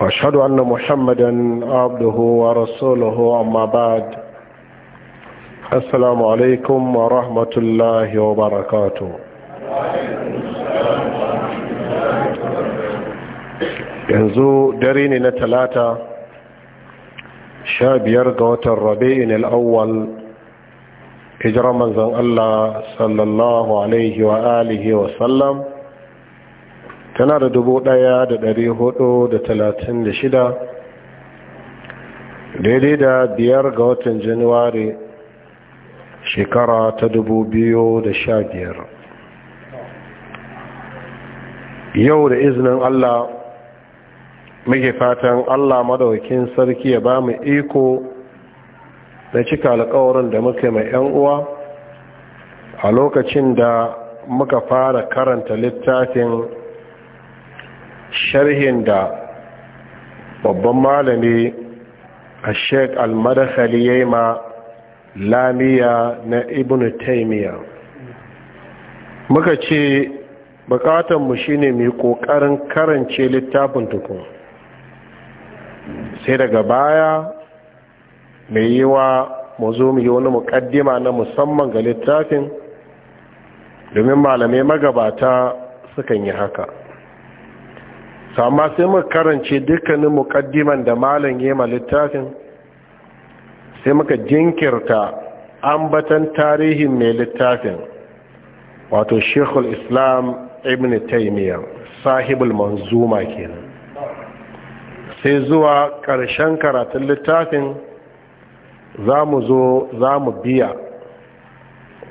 واشهد ان محمدا عبده ورسوله اما بعد السلام عليكم ورحمه الله وبركاته yanzu dare ne na talata sha biyar ga watan rabi'in al'awwal hijirar manzan Allah sallallahu alaihi wa alihi wa sallam tana da dubu ɗaya da ɗari hudu da talatin da shida daidai da biyar ga watan januwari shekara ta dubu biyu da sha biyar yau da izinin allah muke fatan allah madawakin sarki ya ba mu iko na cika alkawarin da muka mai 'yan uwa a lokacin da muka fara karanta littafin sharhin da babban malami a sheik madafali ya ma lamiya na ibn taimiya muka ce bukatanmu ne mai ƙoƙarin karance littafin tukun sai daga baya mai yi wa mu zo mu yi wani mukaddima na musamman ga littafin domin malamai magabata sukan yi haka to amma sai muka karance dukkanin muƙaddiman da malam ma littafin sai muka jinkirta ambatan tarihin mai littafin wato shekul islam ibn taimiyar sahibul manzuma kenan sai zuwa ƙarshen karatun littafin za mu zo za mu biya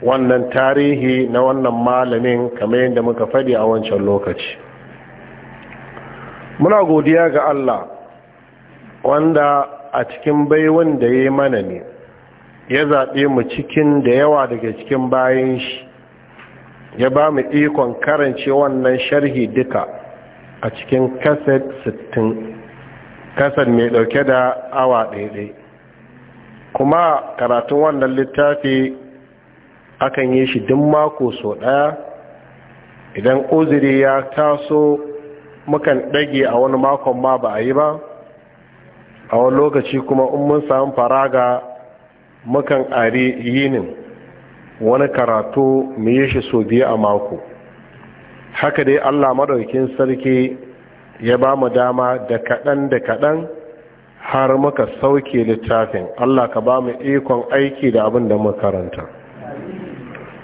wannan tarihi na wannan malamin kamar yadda muka faɗi a wancan lokaci muna godiya ga Allah wanda a cikin baiwan da ya mana ne ya zaɓe mu cikin da yawa daga cikin bayan shi ya ba mu ikon karance wannan sharhi duka a cikin kaset 60 kaset mai ɗauke da awa ɗaiɗai kuma karatun wannan littafi akan yi shi duk mako sau ɗaya idan uzuri ya taso mukan ɗage a wani makon ma ba a yi ba a wani lokaci kuma in mun samu faraga mukan ari yinin wani karatu mu yi shi so biyu a mako haka dai allah maɗaukin sarki ya ba mu dama da kaɗan da kaɗan har muka sauke littafin allah ka ba mu ikon aiki da abin da muka karanta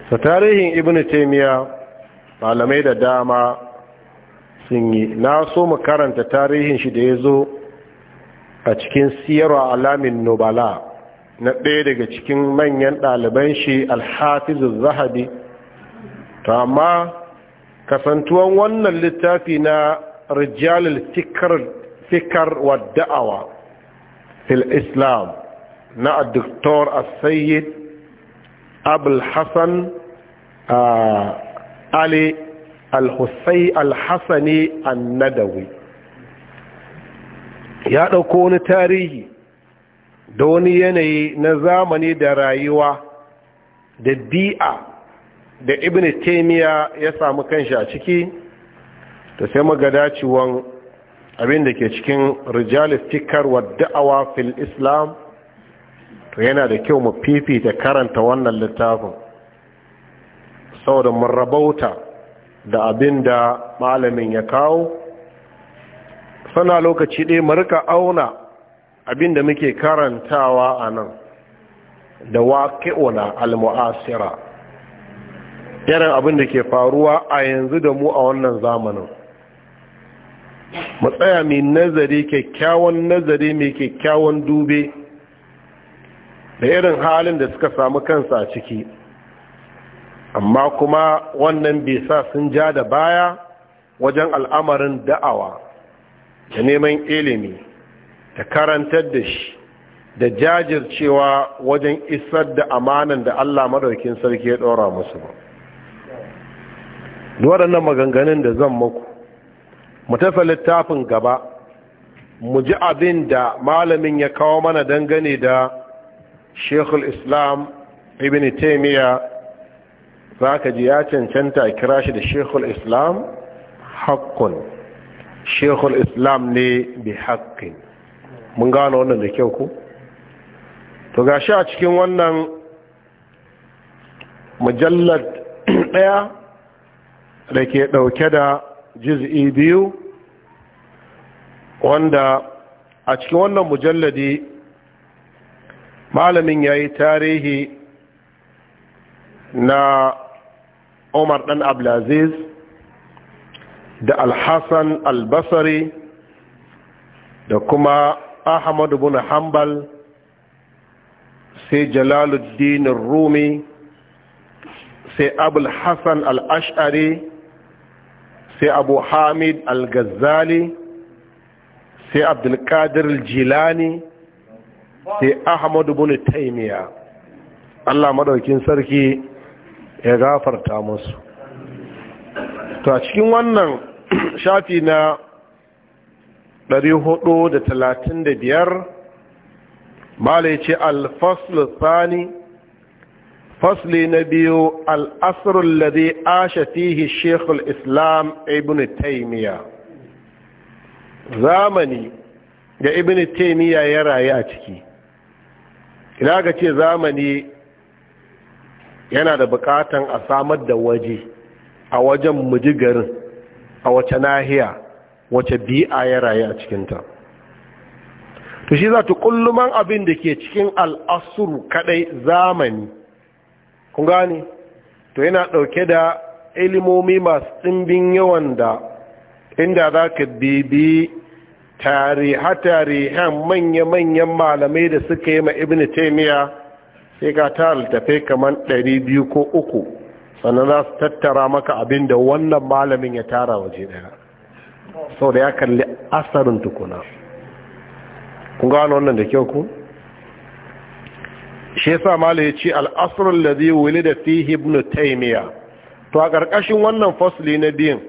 sa tarihin ibn taimiyya malamai da dama sun yi na so mu karanta tarihin shi da ya zo a cikin siyarwa alamin nubala na ɗaya daga cikin manyan ɗaliban shi alhafizu zahabi to amma kasantuwan wannan littafi na rijalil fikar wa da'awa fil islam na doktor asayid abul hassan ah, ali al-hussai al-hassani annadawi ya ɗauko wani tarihi da wani yanayi na zamani da rayuwa da bi'a da ibn taimiyya ya samu kanshi a ciki ta sai magadaciwan abin da ke cikin rijalistikar wa da'awa fil islam to yana da kyau mu fifita karanta wannan littafin saboda mun rabauta da abin da malamin ya kawo sana lokaci ɗaya marika auna abin da muke karantawa a nan da waƙi'una al-mu'asira irin abin da ke faruwa a yanzu da mu a wannan zamanin matsaya mai nazari kyakkyawan nazari mai kyakkyawan dube da irin halin da suka samu kansa a ciki amma kuma wannan bai sa sun ja da baya wajen al'amarin da'awa da neman ilimi da karantar da shi da jajircewa wajen isar da amanan da Allah madaukin sarki ya ɗora musu ba waɗannan maganganun da zan muku mu tafi littafin gaba mu ji abin da malamin ya kawo mana dangane da shekul islam ibn taimiyya za ka ji ya cancanta a kira shi da shekul islam haƙƙun shekul islam ne bi haƙƙin mun gano wannan da kyau ku to ga shi a cikin wannan mujallar ɗaya da ke ɗauke da jiz'i biyu wanda a cikin wannan mujalladi malamin ya yi tarihi na umar dan abdulaziz da alhassan albasari da kuma ahmadu bin hanbal sai jalaluddin rumi sai abul hassan al'ashari sai abu hamid al-ghazali sai abdulkadir jilani sai ahmadu bin taimiya allah madaukin sarki ya gafarta musu to a cikin wannan shafi na 435 mala ce alfaslu tsani fasli na biyu da lade ashe fihi shekul islam ibn taimiyya zamani da ibn taimiyya ya rayu a ciki ina ga ce zamani yana da bukatan a samar da waje a wajen mujigarin a wace nahiya wace bi'a ya rayu a cikinta to shi za ta kulluman abin da ke cikin al'asuru kadai zamani kun gane to yana dauke da ilimomi masu ɗimbin yawan da inda za ka bibi tarihe-tarihen manya-manyan malamai da suka yi ma ibn taimiyya sai ka tara littafai kamar ɗari biyu ko uku sannan za su tattara maka abin da wannan malamin ya tara waje ɗaya sau da ya kalli asarin tukuna kun gano wannan da kyau ku shi yasa malam ya ce da zai wuli da fi hibnu taimiyya. to a ƙarƙashin wannan fasli na biyun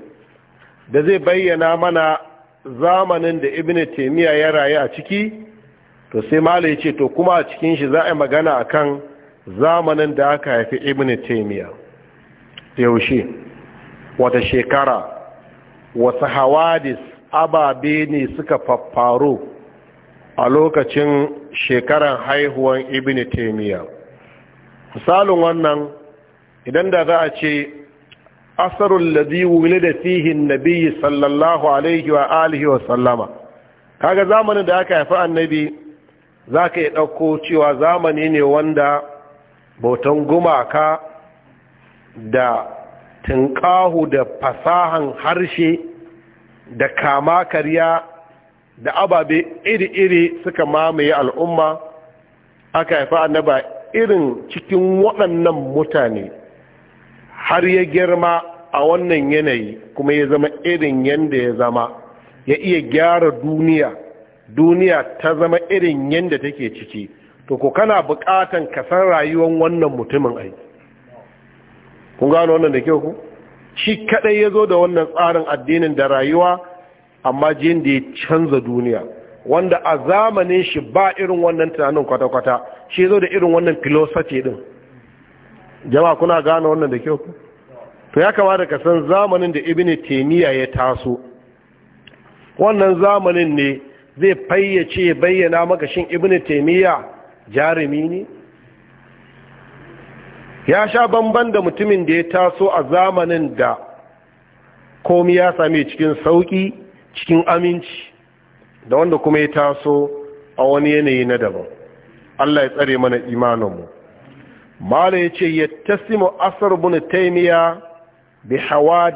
da zai bayyana mana zamanin da ibn taimiyya ya rayu a ciki to sai mala ya ce to kuma a cikin shi za a yi magana a kan zamanin da aka haifi ibn taimiyya yaushe wata shekara wasu hawadis ababe ne suka faffaro a lokacin shekaran haihuwan ibn taimiyya misalin wannan idan da za a ce asarun ladhi wulida da fihin nabi sallallahu alaihi wa alihi wa sallama kaga zamanin da aka haifi annabi za ka yi ɗauko cewa zamani ne wanda bautan gumaka da tunƙahu da fasahan harshe da kama karya da ababe iri-iri suka mamaye al'umma aka haifa annaba irin cikin waɗannan mutane har ya girma a wannan yanayi kuma ya zama irin yadda ya zama ya iya gyara duniya duniya ta zama irin yadda take ciki to ko kana bukatan ka san rayuwar wannan mutumin ai kun gano wannan da kyau ku shi kadai ya zo da wannan tsarin addinin da rayuwa amma jin da ya canza duniya wanda a zamanin shi ba irin wannan tunanin kwata-kwata shi zo da irin wannan filosofi din jama'a kuna gano wannan da kyau ku to ya kamata ka san zamanin da ibn taymiya ya taso wannan zamanin ne zai fayyace bayyana maka shin Ibn Taimiyya jarumi ne ya sha bamban da mutumin da ya taso a zamanin da komi ya same cikin sauki cikin aminci da wanda kuma ya taso a wani yanayi na daban Allah ya tsare mana imaninmu mala ya ce ya tasimu asar bin taimiyya bi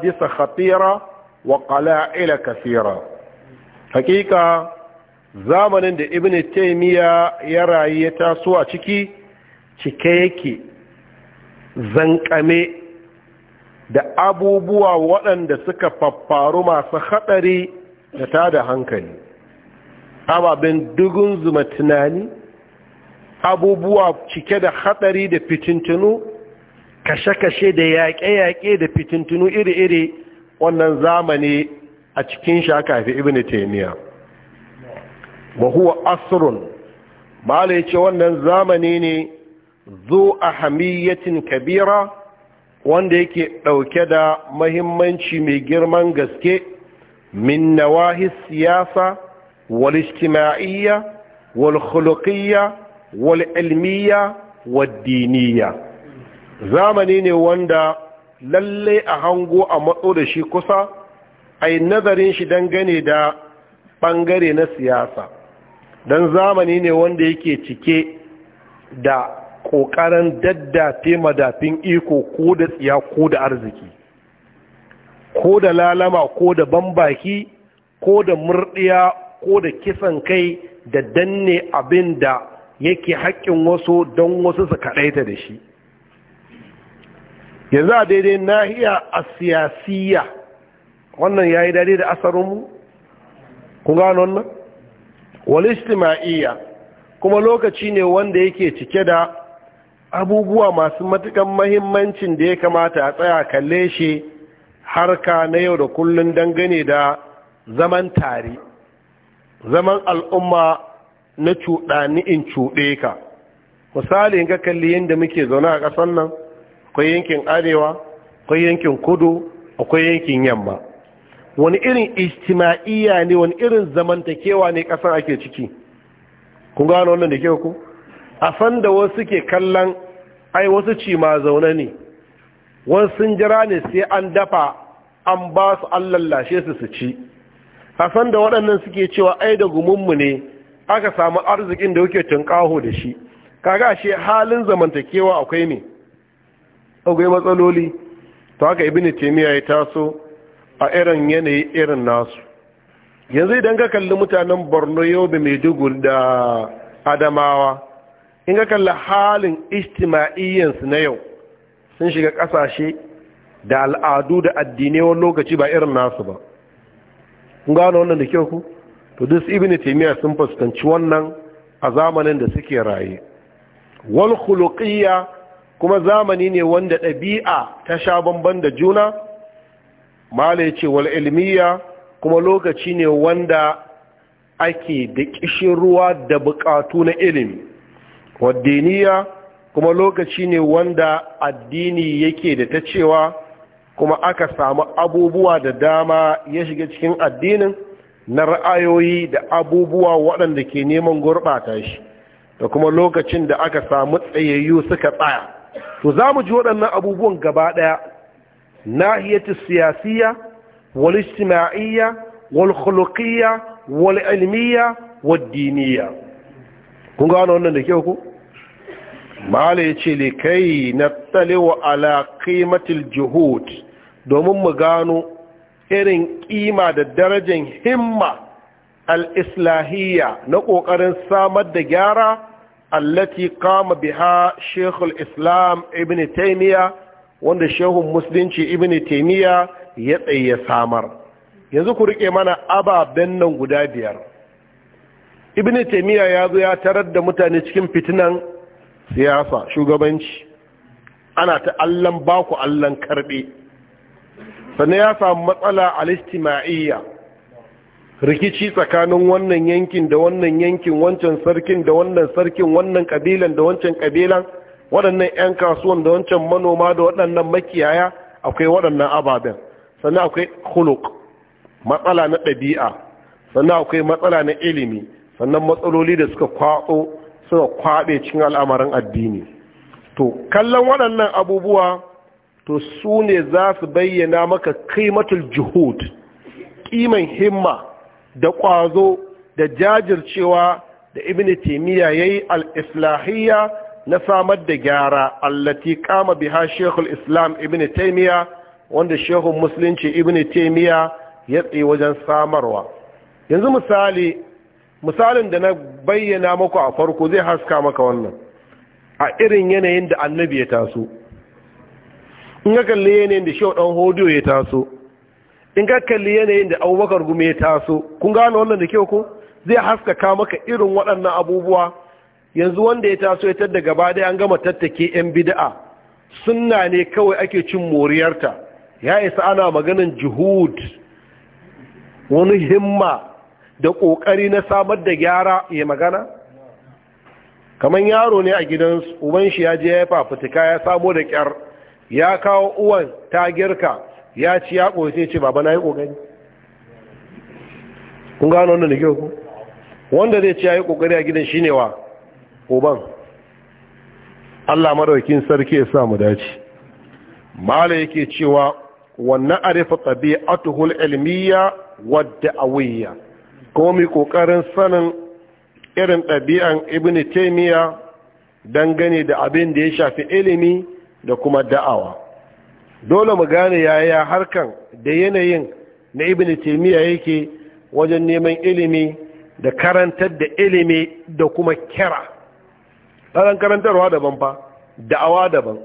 disa khatira wa kala'ila kasira hakika zamanin da ibn taimiyya ya rayu ya taso a ciki cike yake zankame da abubuwa waɗanda suka faffaru masu haɗari da ta da hankali ababen dugun zuma tunani abubuwa cike da haɗari da fitintunu kashe-kashe da yaƙe-yaƙe da fitintunu iri-iri wannan zamani a cikin shakafi ibn taimiyya wa huwa asrun mala yace wannan zamani ne zu ahamiyatin kabira wanda yake dauke da muhimmanci mai girman gaske min nawahi siyasa wal ijtima'iyya wal khuluqiyya wal ilmiyya wad diniyya zamani ne wanda lalle a hango a matso da shi kusa ai nazarin shi dangane da bangare na siyasa don zamani ne wanda yake cike da ƙoƙarin daddafe madafin iko ko da tsiya ko da arziki ko da lalama ko da banbaki ko da murdiya ko da kisan kai da danne abin da yake haƙƙin wasu don wasu su kaɗaita da shi yanzu a daidai nahiya a siyasiyya wannan ya yi daidai da asarinmu ku gano wannan walistima'iyya kuma lokaci ne wanda yake cike da abubuwa masu matukan mahimmancin da ya kamata a tsaya kalle shi harka na yau da kullun dangane da zaman tare zaman al'umma na cuɗani in cuɗe ka misali in ka kalli yadda muke zaune a ƙasar nan akwai yankin arewa akwai yankin kudu akwai yankin yamma wani irin ijtima'iyya ne wani irin zamantakewa ne kasar ake ciki kun gano wannan da ke ku a san da wasu ke kallon ai wasu ci ma zaune ne wasu sun jira ne sai an dafa an ba su an lallashe su su ci a san da waɗannan suke cewa ai da gumunmu ne aka samu arzikin da kuke tunƙaho da shi kaga shi halin zamantakewa akwai ne akwai matsaloli to haka ibnu taymiya ya taso a irin yanayi irin nasu yanzu idan ka kalli mutanen borno yau da maiduguri da adamawa in ka kalli halin istima'iyyansu na yau sun shiga ƙasashe da al'adu da addinai wani lokaci ba irin nasu ba kun gano wannan da kyau ku to duk ibn taymiya sun fuskanci wannan a zamanin da suke raye wal khuluqiyya kuma zamani ne wanda ɗabi'a ta sha bamban da juna mala ce wal ilmiya kuma lokaci ne wanda ake da kishin ruwa da bukatu na ilimi waddiniya kuma lokaci ne wanda addini yake da ta cewa kuma aka samu abubuwa da dama ya shiga cikin addinin na ra'ayoyi da abubuwa waɗanda ke neman gurɓata shi da kuma lokacin da aka samu tsayayyu suka tsaya to za mu ji waɗannan abubuwan gaba ɗaya ناحية السياسية والاجتماعية والخلقية والعلمية والدينية kun gano wannan da kyau ku? mala ya ce ne kai na tsalewa ala kimatil domin mu gano irin kima da darajan himma al-islahiyya na ƙoƙarin samar da gyara allati kama biha shekul islam ibn taimiyya wanda shehun musulunci ibn taimiyya ya tsaye samar yanzu ku rike mana ababen nan guda biyar ibn taimiyya ya zo ya tarar da mutane cikin fitinan siyasa shugabanci ana ta allon baku allon karbe sannan ya samu matsala alistima'iyya rikici tsakanin wannan yankin da wannan yankin wancan sarkin da wannan sarkin wannan kabilan da wancan kabilan waɗannan 'yan kasuwan da wancan manoma da waɗannan makiyaya akwai waɗannan ababen sannan akwai huluk matsala na ɗabi'a sannan akwai matsala na ilimi sannan matsaloli da suka kwaɗo suka kwaɓe cikin al'amarin addini to kallon waɗannan abubuwa to su ne za su bayyana maka kaimatul juhud ƙiman himma da ƙwazo da jajircewa da ibn taimiyya ya yi al'islahiyya na samar da gyara allati kama biha shekul islam ibn Taimiyya. wanda shekul musulunci ibn Taimiyya ya tsaye wajen samarwa yanzu misali misalin da na bayyana maku a farko zai haska maka wannan a irin yanayin da annabi ya taso in ka kalli yanayin da shehu dan hodiyo ya taso in ka kalli yanayin da abubakar gume ya taso kun gano wannan da kyau ku? zai haskaka maka irin waɗannan abubuwa yanzu wanda ya taso ya tadda gaba dai an gama tattake yan bida'a suna ne kawai ake cin moriyarta ya isa ana maganin juhud wani himma da ƙoƙari na samar da gyara ya magana kamar yaro ne a gidansu uban shi ya je ya fafutuka ya samo da kyar ya kawo uwan ta girka ya ci ya ƙoce ce baba na yi ƙoƙari kun gano wanda wanda zai ci ya yi ƙoƙari a gidan shi ne wa uban Allah maɗaukin sarki ya sa mu dace mala yake cewa wannan arifa tabi'atuhul ilmiya wadda awiyya ko mu kokarin sanin irin ɗabi'an ibn don dangane da abin da ya shafi ilimi da kuma da'awa dole mu gane yaya harkan da yanayin na ibn taimiyya yake wajen neman ilimi da karantar da ilimi da kuma kira ɗaran karantarwa daban fa da'awa daban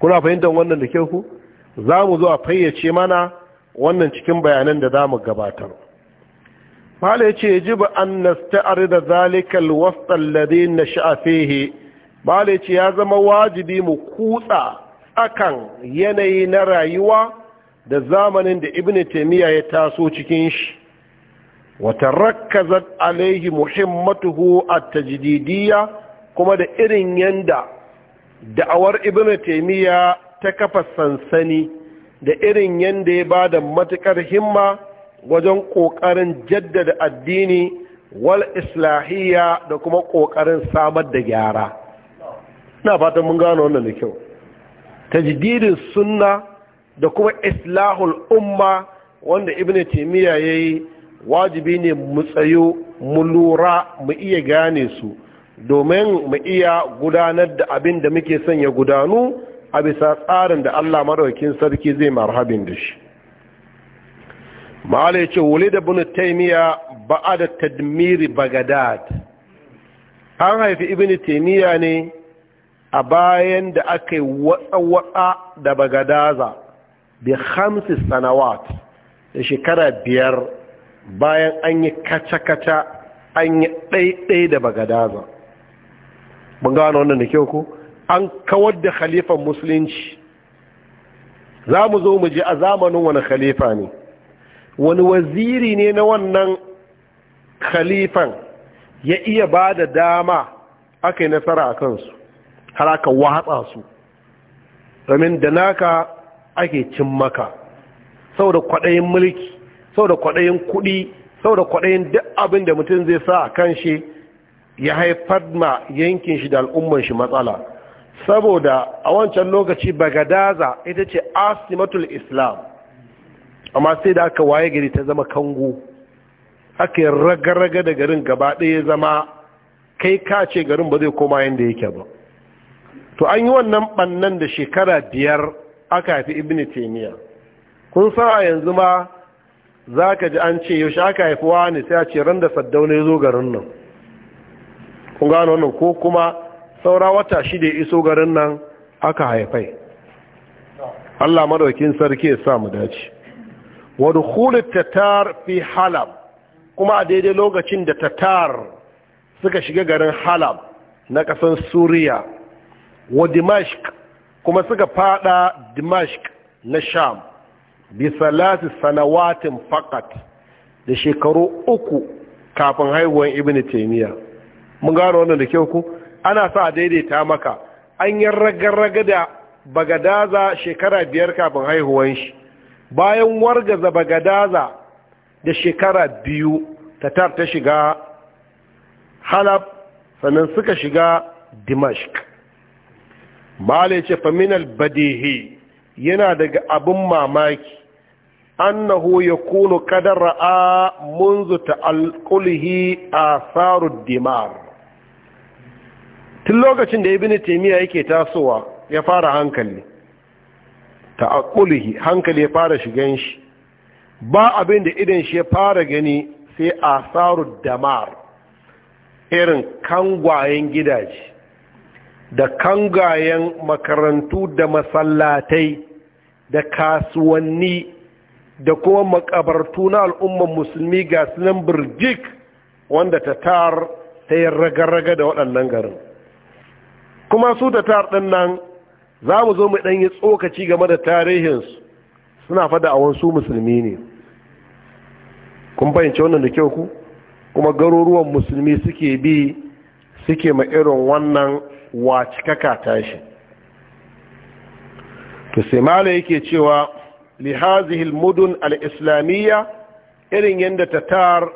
kuna fahimtar wannan da kyau ku za mu zo a fayyace mana wannan cikin bayanan da za mu gabatar mala ya ce ji ba an da zalikal wasan na sha'afehe mala ya ya zama wajibi mu kutsa akan yanayi na rayuwa da zamanin da ibn taimiyya ya taso cikin shi wata rakkazat alaihi muhimmatuhu a tajididiyya kuma da irin yanda da'awar ibn taimiyya ta kafa sansani da irin yanda ya ba da matukar himma wajen ƙoƙarin jaddada addini wal islahiyya da kuma ƙoƙarin samar da gyara na fatan mun gano wannan da kyau tajdidin sunna da kuma islahul umma wanda ibn taymiya yayi wajibi ne mu tsayo mu lura mu iya gane su domin mu iya gudanar da abin da muke son ya gudanu a bisa tsarin da Allah madaukakin sarki zai marhabin da shi ma'ala yace wulid ibn taymiya da tadmiri bagadad an haifi ibn taymiya ne a bayan da aka yi watsa-watsa da bagadaza bi hamsi sanawat da shekara biyar bayan an yi kaca-kaca an yi ɗaiɗai da bagadaza mun gano wannan da kyau ko an kawar da khalifan musulunci za mu zo mu ji a zamanin wani khalifa ne wani waziri ne na wannan khalifan ya iya ba da dama aka yi nasara a kansu har aka watsa su domin da naka ake cin maka da kwaɗayin mulki sau da kwaɗayin kuɗi sau da kwaɗayin duk abin da mutum zai sa a kan shi ya haifar ma yankin shi da al'umman shi matsala saboda a wancan lokaci bagadaza ita ce asimatul islam amma sai da aka waye gari ta zama kango aka yi raga da garin gaba ɗaya zama kai ka ce garin ba zai koma yadda yake ba to an yi wannan bannan da shekara biyar aka haifi ibn taimiyya kun sa a yanzu ma za ka ji an ce yaushe aka haifi wani sai a ce ran da saddauna ya zo garin nan kun gano wannan ko kuma saura wata shida ya iso garin nan aka haifai Allah madaukin sarki ya sa mu dace wa dukhul tatar fi halab kuma a daidai lokacin da tatar suka shiga garin halab na kasan suriya wa dimashq kuma suka fada dimashq na sham bi salati sanawatin faqat da shekaru uku kafin haihuwar ibnu taymiyyah mun gano wannan da kyau ku ana sa daidaita maka an yi raga-raga da bagadaza shekara biyar kafin haihuwan shi bayan wargaza bagadaza da shekara biyu tatar ta shiga halab sannan suka shiga dimashq bale ce faminal badihi yana daga abin mamaki annahu ya kunu kadar ra'a munzu alkulihi a tsarin dimar tun lokacin da ibini taymiya yake tasowa ya fara hankali ta'aqqulihi hankali ya fara shigan shi ba abin da idan shi ya fara gani sai asaru damar irin kangwayen gidaje da kangwayen makarantu da masallatai da kasuwanni da kuma makabartu na al'umman musulmi ga sunan birjik wanda ta tar ta yi raga-raga da waɗannan garin kuma su da tar ɗin nan za mu zo mu ɗan yi tsokaci game da tarihinsu suna fada a wasu musulmi ne kun fahimci wannan da kyau ku kuma garuruwan musulmi suke bi suke ma irin wannan wacikaka tashi to sai mala yake cewa lihazihil mudun al-islamiyya irin yadda tatar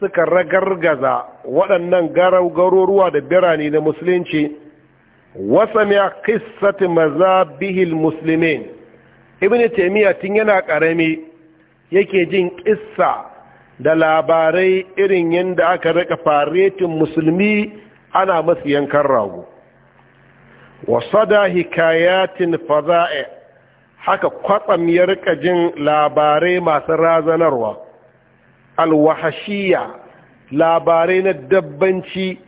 suka ragargaza waɗannan garuruwa da birane na musulunci وسمع mazabihil musulmin, Ibn ابن tun yana ƙarami yake jin ƙissa da labarai irin yadda aka rika faretin musulmi ana masu yankan rago wasada hikayatin faza'i haka kwatsam ya rika jin labarai masu razanarwa alwahashiya labarai na dabbanci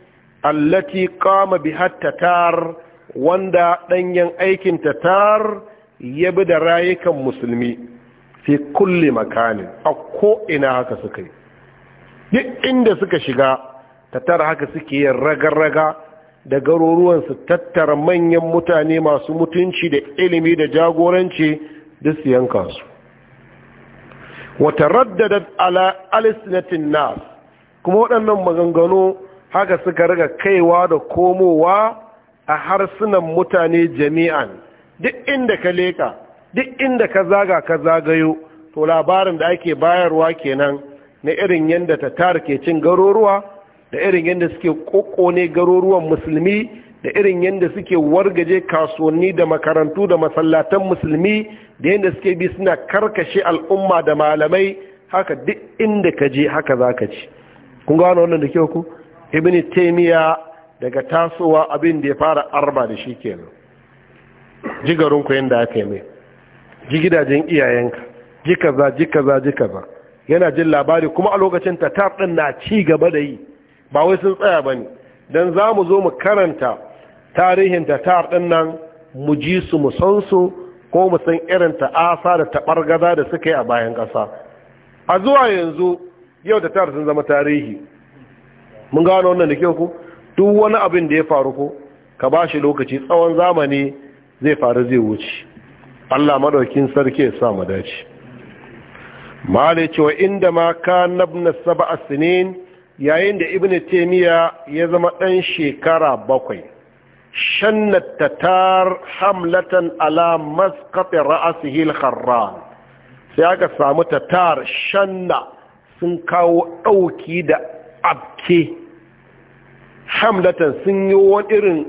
allati qama biha tatar wanda ɗanyen aikin tatar ya bi da rayukan musulmi fi kulle makanin a ko'ina haka suka yi duk inda suka shiga tatar haka suke yin raga-raga da garuruwan su tattara manyan mutane masu mutunci da ilimi da jagoranci da su yanka su wata raddadat ala alisnatin nas kuma waɗannan maganganu haka suka riga kaiwa da komowa a harsunan mutane jami'an duk inda ka leka duk inda ka zaga ka zagayo to labarin da ake bayarwa kenan na irin yadda tatar ke cin garuruwa da irin yadda suke kokone garuruwan musulmi da irin yadda suke wargaje kasuwanni da makarantu da masallatan musulmi da yadda suke bi suna karkashe al'umma da malamai haka duk inda ka je haka za ka ci kun gano wannan da kyau ku ibn taimiya daga tasowa abin da ya fara arba da shi kenan jigarinku yadda aka yi ji gidajen iyayenka ji kaza ji kaza ji kaza yana jin labari kuma a lokacin tatar ɗin na ci gaba da yi ba wai sun tsaya ba ne don za mu zo mu karanta tarihin tatar ɗin nan mu ji su mu san su ko mu san irin ta'asa da taɓargaza da suka yi a bayan ƙasa a zuwa yanzu yau tatar sun zama tarihi mun gano wannan da kyau ku duk wani abin da ya faru ko ka ba shi lokaci tsawon zamani zai faru zai wuce Allah madaukin sarki ya sa mu dace mali cewa inda ma ka nabna sab'a sinin yayin da ibn taymiya ya zama ɗan shekara bakwai shannat tatar hamlatan ala masqat ra'sihi al-kharran sai aka samu tatar shanna sun kawo ɗauki da afke hamlatan sun yi wani irin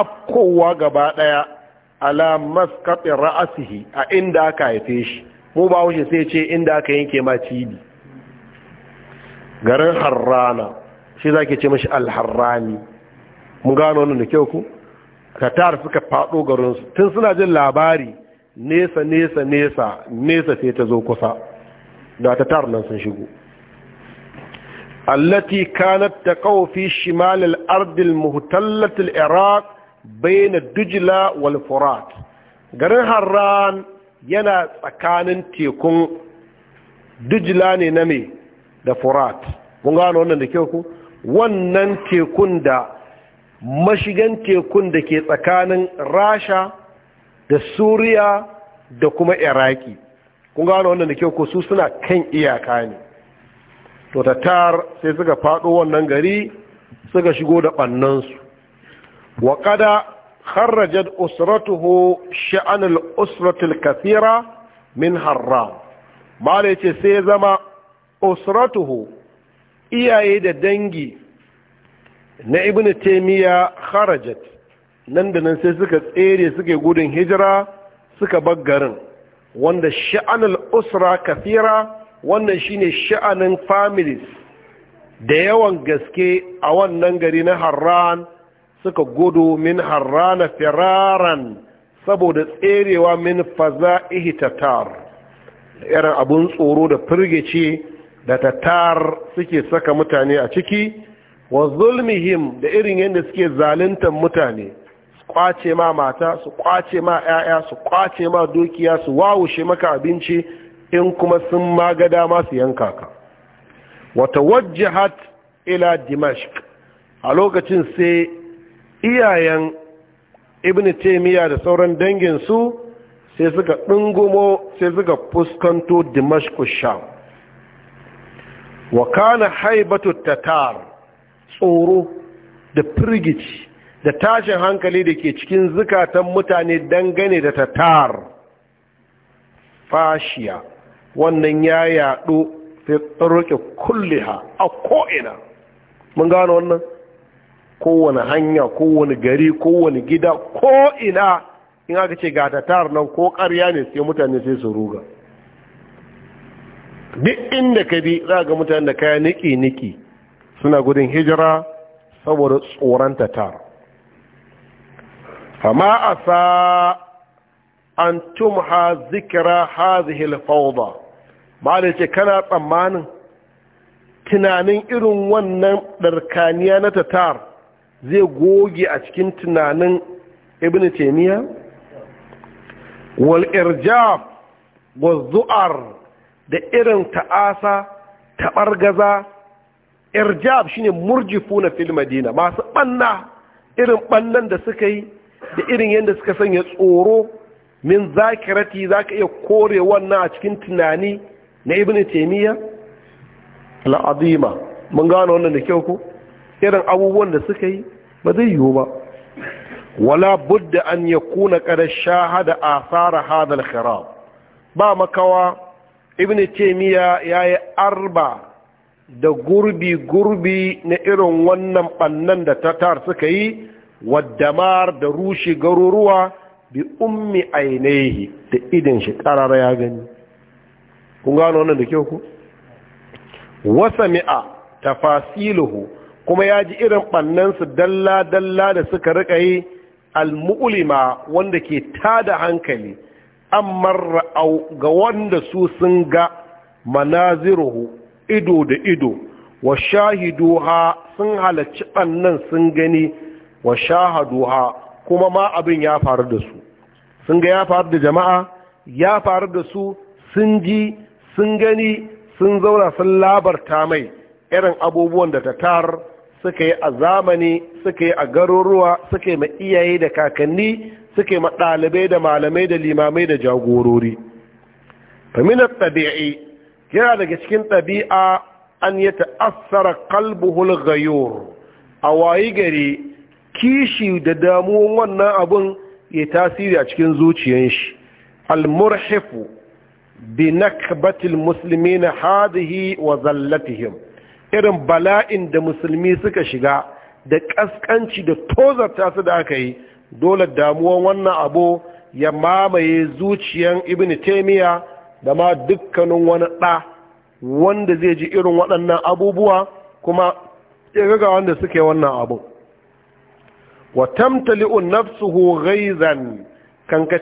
afkowa gaba daya ala maskaɗin ra'asihi a inda aka haife shi mu ba wushe sai ce inda aka yanke ma cibi garin harrana shi za ce mashi alharrani mun gano wani da kyau ku katar suka faɗo garinsu tun suna jin labari nesa nesa nesa nesa sai ta zo kusa da tar nan sun shigo التي كانت تقع في شمال الأرض المهتلة العراق بين الدجلة والفرات garin harran yana tsakanin tekun dujila ne na me da furat kun gano wannan da ke ku wannan tekun da mashigan tekun da ke tsakanin rasha da suriya da kuma iraki kun gano wannan da ke ku su suna kan iyaka ne to tar sai suka faɗo wannan gari suka shigo da ɓannansu wa kada kharrajat usratuhu sha'anul usratul kathira min haram mala yace sai zama usratuhu iyaye da dangi na ibnu taymiya kharajat nan da nan sai suka tsere suka gudun hijira suka bar garin wanda sha'anul usra kathira wannan shine sha'anin families da yawan gaske a wannan gari na harran suka gudu min harrana firaran saboda tserewa min faza'ihi tatar irin abun tsoro da firgici da tatar suke saka mutane a ciki wa zulmihim da irin yadda suke zaluntar mutane su kwace ma mata su kwace ma 'ya'ya su kwace ma dukiya su wawushe maka abinci in kuma sun maga dama su yanka ka wata wajahat ila dimashq a lokacin sai iyayen ibn taimiyya da sauran danginsu sai suka ɗungumo sai suka fuskanto dimashq sham Wakana haibatu tatar tsoro da firgici da tashin hankali da ke cikin zukatan mutane dangane da tatar fashiya wannan ya yaɗo sai kulli kulliha a ko'ina mun gano wannan kowane hanya kowane gari kowane gida ko'ina in aka ce ga tar nan ko ƙarya ne sai mutane sai su ruga duk inda ka bi za ga mutane da kaya niki-niki suna gudun hijira saboda tsoron tar fama a sa an tumha zikira hazihil fauda malai ce kana tsammanin tunanin irin wannan ɗarkaniya na tatar zai goge a cikin tunanin ibn taimiyya wal irjab wa zu'ar da irin ta'asa taɓargaza irjab shine murjifu na fil madina masu ɓanna irin ɓannan da suka yi da irin yadda suka sanya tsoro min zakirati za ka iya kore wannan a cikin tunani na ibn taymiya al'azima mun gano wannan da kyau ku irin abubuwan da suka yi ba zai yiwu ba wala budda an yakuna qad hada a tsara hadal khirab ba makawa ibn ya yi arba da gurbi-gurbi na irin wannan ɓannan da tatar suka yi waddamar da rushe garuruwa bi ummi ainihi da idin shi ƙarara ya gani kun gano wannan da kyau ku wasa mi'a tafasiluhu kuma ya ji irin ɓannansu dalla-dalla da suka rika yi almu'ulima wanda ke tada hankali amma ra'au ga wanda su sun ga manaziruhu ido da ido wa shahiduha sun halarci bannan sun gani wa shahaduha kuma ma abin ya faru da su sun ga ya faru da jama'a ya faru da su sun ji sun gani sun zauna sun labarta mai irin abubuwan da tatar suka yi a zamani suka yi a garuruwa suka yi ma iyaye da kakanni suka yi ma ɗalibai da malamai da limamai da jagorori faminar ɗabi'i yana daga cikin ɗabi'a an yi ta'assara kalbuhul gayor a wayi gari kishi da damuwan wannan abun ya tasiri a cikin zuciyan shi almurhifu bi nakbatil muslimina hadhihi wa zallatihim irin bala'in da musulmi suka shiga da kaskanci da tozarta su da aka yi dole damuwan wannan abu ya mamaye zuciyan ibn taimiya da ma dukkanin wani ɗa wanda zai ji irin waɗannan abubuwa kuma ga wanda suke wannan abu wa tamtali'un nafsuhu ghaizan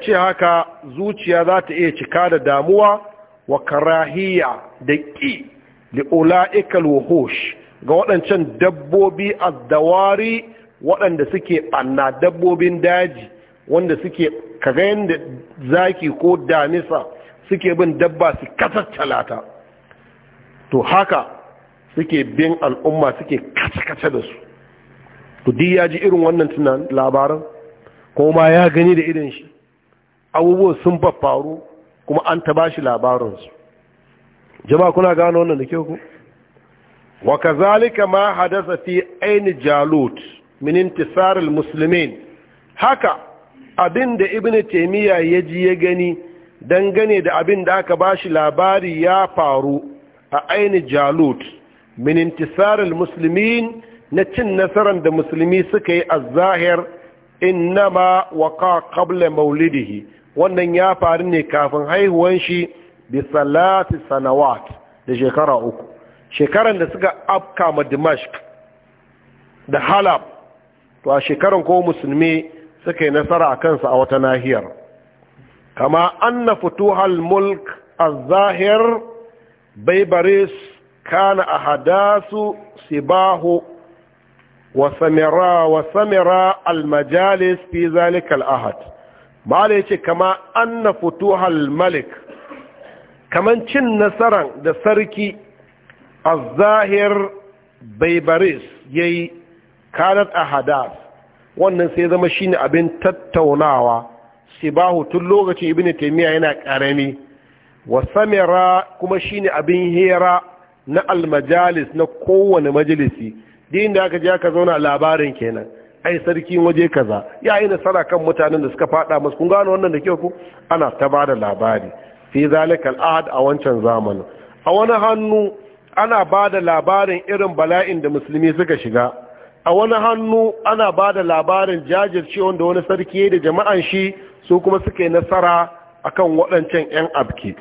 ce haka zuciya za ta iya cika da damuwa wa karahiya da ƙi li'ula'ikal wuhush ga waɗancan dabbobi a dawari waɗanda suke ɓanna dabbobin daji wanda suke kaga yadda zaki ko damisa suke bin dabba su katattalata to haka suke bin al'umma suke kace-kace da su to ya ji irin wannan tunan labaran kuma ya gani da irin shi Abubuwan sun faru kuma an ta bashi labarinsu jama'a kuna gano wannan da kyau ku wa kazalika ma hadasa fi aini jalut min intisar musulmin. haka abinda ibnu taimiyya ya ji ya gani dangane da abin da aka bashi labari ya faru a aini jalut min intisar musulmin na cin nasarar da musulmi suka yi a zahir innama waka kabla maulidihi wannan ya faru ne kafin haihuwan shi bi salati sanawat da shekara uku shekaran da suka afka ma da halab to a shekaran ko musulmi suka yi nasara a kansa a wata nahiyar kama anna futuhal mulk az-zahir baybaris kana ahadasu sibahu wa samira wa samira al-majalis fi zalikal ahad mala yace kama anna futuhal malik kaman cin nasaran da sarki azahir baybaris yayi kanat ahadas wannan sai zama shine abin tattaunawa sibahu tun lokacin ibnu taymiya yana karami wa samira kuma shine abin hira na almajalis na kowane majalisi din da aka je aka zauna labarin kenan ai sarkin waje kaza ya yi nasara kan mutanen da suka fada masu kun gano wannan da kyau ku ana ta ba da labari fi zalika al'ad a wancan zamanin a wani hannu ana ba da labarin irin bala'in da musulmi suka shiga a wani hannu ana ba da labarin jajircewan da wani sarki da jama'an shi su kuma suka yi nasara akan waɗancan 'yan abki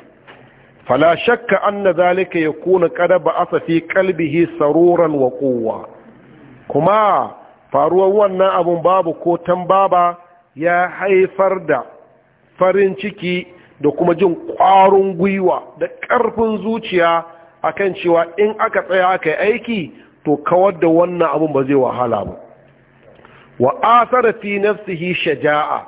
fala shakka anna zalika yakunu qad ba'atha fi kalbihi saruran wa kowa. kuma faruwar wannan abun babu ko tambaba ya haifar da farin ciki da kuma jin ƙwarin gwiwa da ƙarfin zuciya akan cewa in aka tsaya aka yi aiki to kawar da wannan abun ba zai wahala ba wa asara fi nafsihi shaja'a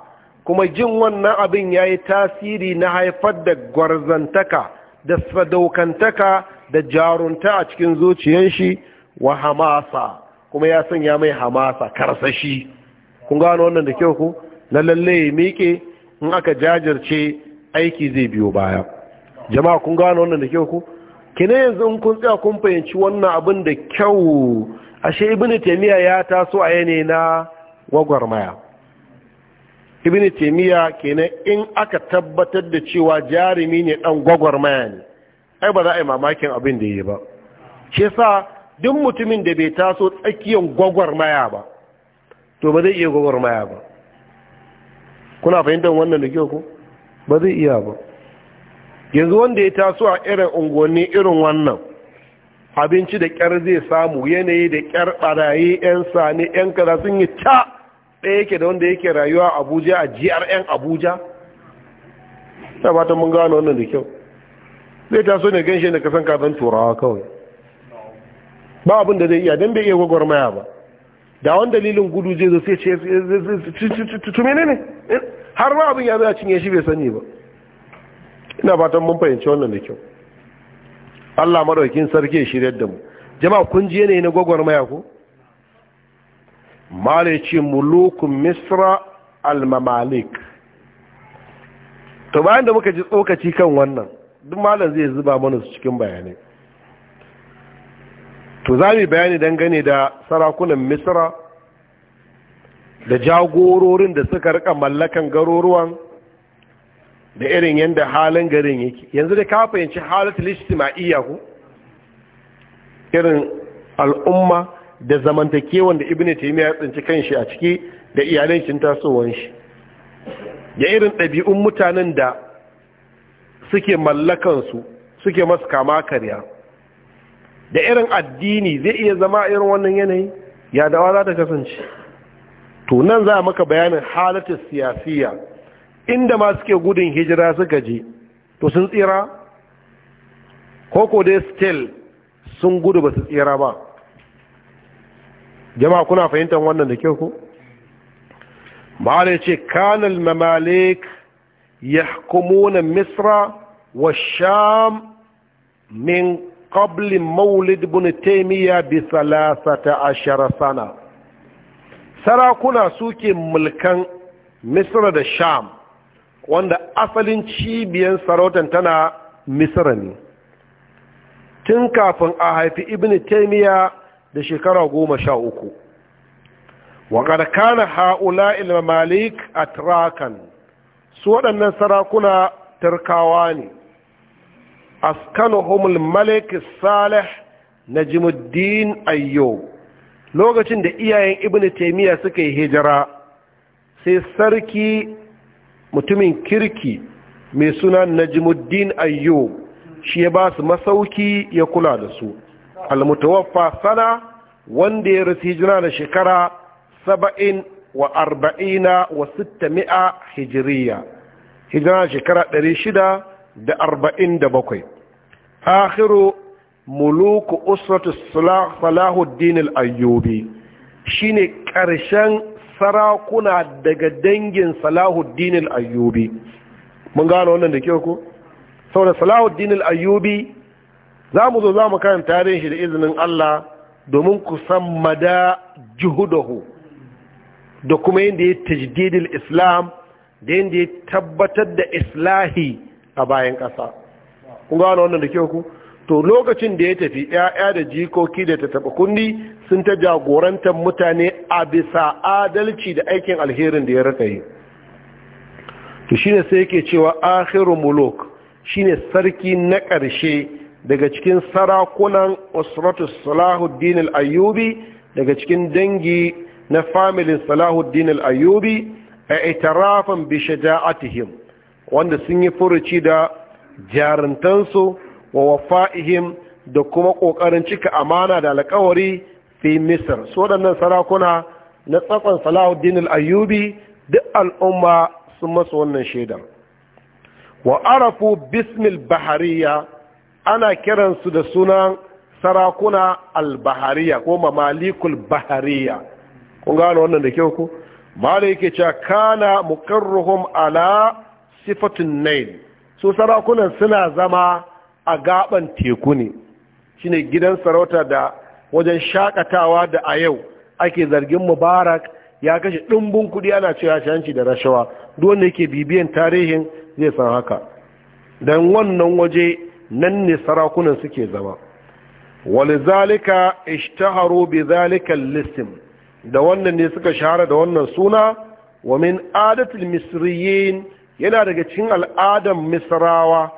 kuma jin wannan abin ya yi tasiri na haifar da gwarzantaka da sadaukantaka da jarunta a cikin zuciyar wa hamasa kuma ya sanya mai hamasa karsashi kun gano wannan da kyau ku na lalle ya miƙe in aka jajirce aiki zai biyo baya jama'a kun gano wannan da kyau ku kine yanzu in kun tsaya kun fahimci wannan abin da kyau ashe ibnu taymiya ya taso a yane na gwagwarmaya ibnu taymiya kenan in aka tabbatar da cewa jarumi ne dan gwagwarmaya ne ai ba za a yi mamakin abin da yi ba shi yasa duk mutumin da bai taso tsakiyar gwagwarmaya ba to ba zai iya gwagwarmaya ba kuna fahimtar wannan da kyau ku ba zai iya ba yanzu wanda ya taso a irin unguwanni irin wannan abinci da kyar zai samu yanayi da kyar barayi yan sani yan kaza sun yi ta ɗaya yake da wanda yake rayuwa a abuja a grn abuja ta ba ta mun gano wannan da kyau zai taso ne ganshi da kasan kafin turawa kawai ba abin da zai iya don bai iya gwagwarmaya ba da wani dalilin gudu zai zo sai ce tumene ne eh, har ma abin ya zai cinye shi bai sani ba ina fatan mun fahimci wannan da kyau Allah maraukin sarki ya shirya da mu jama'a kun ji yanayi na gwagwarmaya ko mala ce mulukun misra al-mamalik to bayan da muka ji tsokaci kan wannan duk malam zai zuba mana su cikin bayanai to za mu bayani dangane da sarakunan misra da jagororin da suka rika mallakan garuruwan da irin yadda halin garin yake yanzu da ka fahimci halatul ijtima'iyya ku irin al'umma da zamantakewan da Ibn taymiya ya tsinci kanshi a ciki da iyalan shi tasowar shi da irin ɗabi'un mutanen da suke mallakansu suke masu kama karya da irin addini zai iya zama irin wannan yanayi ya dawa za ta kasance to nan za maka bayanin halittar siyasiya inda ma suke gudun hijira suka je to sun tsira Ko ko dai still sun gudu ba su tsira ba jama'a kuna fahimtar wannan da kyau ko ma'ala ce kanal mamalik yahkumuna misra wa sham min qabli maulid ibn taymiya bi salasata ashara sarakuna suke mulkan misra da sham wanda asalin cibiyar sarautan tana misra ne tun kafin a haifi ibn taymiya da shekara goma sha uku waƙar kana ha'ula ilmalik atrakan su waɗannan sarakuna turkawa ne askanuhum al-malik salih najmuddin Ayyo lokacin da iyayen ibnu taymiya suka yi hijira sai sarki mutumin kirki mai suna najmuddin Ayyo shi ya ba su masauki ya kula da su almutawaffa sana wanda ya rasu hijira da shekara saba'in wa arba'ina wa mi'a hijiriya hijira shekara ɗari shida da arba'in da bakwai akhiru muluku usratu salahuddin al-ayyubi shine ƙarshen sarakuna daga dangin salahuddin al-ayyubi mun gano wannan da kyau ko saboda salahuddin al-ayyubi za mu zo za mu karanta tarihin da izinin Allah domin ku san mada juhudahu da kuma yadda ya tajdidil islam da yadda ya tabbatar da islahi a bayan ƙasa kun gano wannan da kyau ku to lokacin da ya tafi ‘ya'ya da jikoki da ta taɓa kundi sun ta jagorantar mutane a bisa adalci da aikin alherin da ya raka yi to shine sai yake cewa akhiru muluk shine sarki na ƙarshe daga cikin sarakunan usratus salahuddin al-ayyubi daga cikin dangi na familin salahuddin al-ayyubi a itarafan bi shaja'atihim wanda sun yi furuci da jarintansu wa wafa'ihim da kuma ƙoƙarin cika amana da alƙawari fi misir su waɗannan sarakuna na tsatson salahuddin al'ayyubi duk al'umma sun masu wannan shaidar wa arafu bismil bahariya ana kiransu da sunan sarakuna al-bahariya ko mamalikul bahariya kun gano wannan da kyau ku malai yake cewa kana mukarruhum ala sifatun nail su sarakunan suna zama a gaban teku ne shine gidan sarauta da wajen shakatawa da a yau ake zargin mubarak ya kashe ɗumbin kuɗi ana cewa shanci da rashawa duk yake bibiyan tarihin zai san haka don wannan waje nan ne sarakunan suke zama walizalika ishtaharu bi zalika lism da wannan ne suka shahara da wannan suna wa min adatul misriyin yana daga cikin al'adar misrawa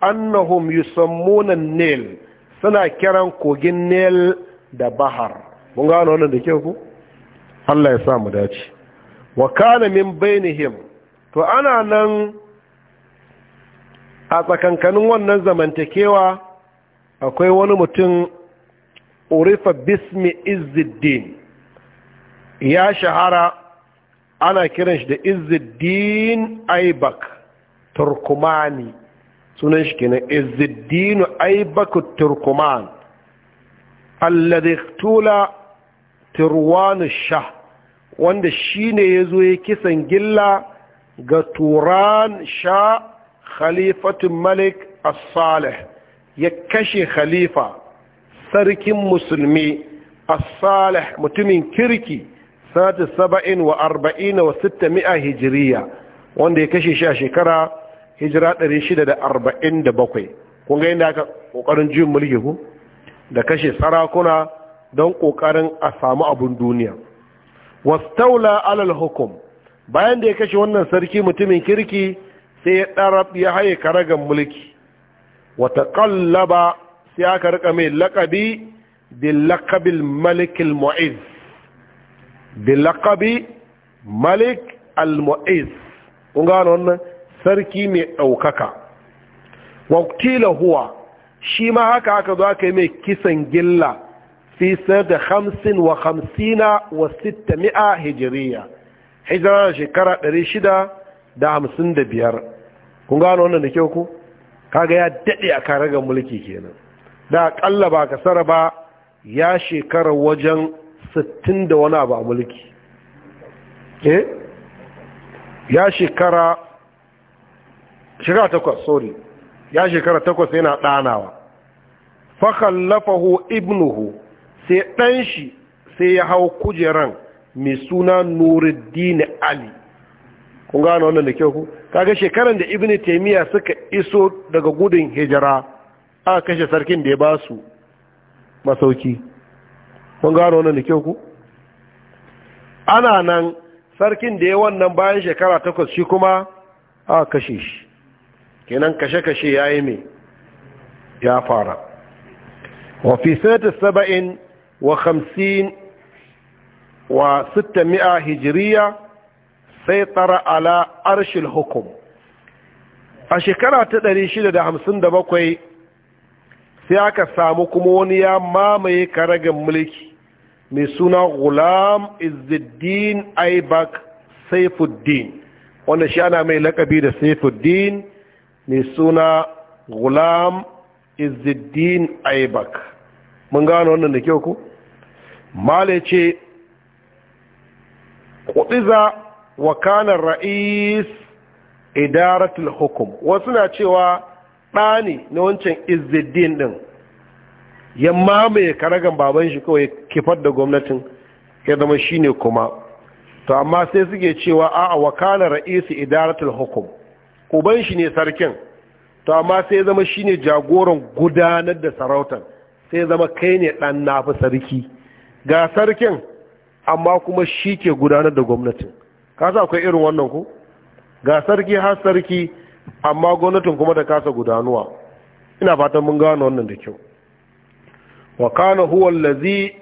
annahum yusammuna nil suna kiran kogin nil da bahar mun gano wannan da ke ku Allah ya sa mu dace wa kana min bainihim to ana nan a tsakankanin wannan zamantakewa akwai wani mutum urifa bismi izziddin ya shahara ana kiran shi da izuddin aibak turkumani sunan shi kenan izzuddin aibak turkuman alladhi turwanu shah wanda shine yazo ya kisan gilla ga turan sha khalifatun malik as-salih ya kashe khalifa sarkin musulmi as-salih mutumin kirki sati saba'in wa arba'in wa sitta mi'a hijiriya wanda ya kashe shi a shekara hijira ɗari shida da arba'in da bakwai kun ga yadda aka ƙoƙarin juyin mulki ku da kashe sarakuna don ƙoƙarin a samu abun duniya wastaula alal hukum bayan da ya kashe wannan sarki mutumin kirki sai ya ɗara ya haye karagan mulki wata ƙallaba sai aka riƙa mai laƙabi bil laƙabil malikil mu'iz bilakabi malik al-mu'iz kun gano wannan sarki mai ɗaukaka waktila huwa shi ma haka haka zo aka yi mai kisan gilla fi sayar da hamsin wa hamsina wa sitta mi'a hijiriya hijira shekara ɗari shida da hamsin da biyar kun gano wannan da kyau ku kaga ya daɗe a karagar mulki kenan da aƙalla ba kasara ba ya shekara wajen sittin da wani abu a mulki eh ya shekara shekara takwas sorry ya shekara takwas yana ɗanawa fakallafahu ibnuhu sai ɗan shi sai ya hau kujeran mai suna nuruddin ali kun gano wannan da kyau ku kaga shekaran da ibnu taimiyya suka iso daga gudun hijira aka kashe sarkin da ya ba su masauki mun gano wannan da kyau ku ana nan sarkin da ya wannan bayan shekara takwas shi kuma a kashe shi kenan kashe-kashe ya yi mai ya fara wafi saba'in wa hamsin wa sitta mi'a hijiriya sai tsara ala arshil hukum a shekara ta ɗari shida da hamsin da bakwai sai aka samu kuma wani ya mamaye karagan mulki mai suna gulam izidin aibak saifuddin wanda shi ana mai lakabi da saifuddin mai suna gulam izidin aibak mun gano wannan da kyau ku male ce kudiza wakanar ra'is idaratul hukum wasu na cewa ɗani na wancan izidin ɗin ya mamaye karagan baban shi kawai kifar da gwamnatin ya zama shine kuma to amma sai suke cewa a a wakala ra'isi idaratul hukum uban shi ne sarkin to amma sai zama shine jagoran gudanar da sarautar sai zama kai ne dan nafi sarki ga sarkin amma kuma shi ke gudanar da gwamnatin kasa akwai irin wannan ku ga sarki har sarki amma gwamnatin kuma da kasa gudanuwa ina fatan mun gano wannan da kyau wa kana huwa allazi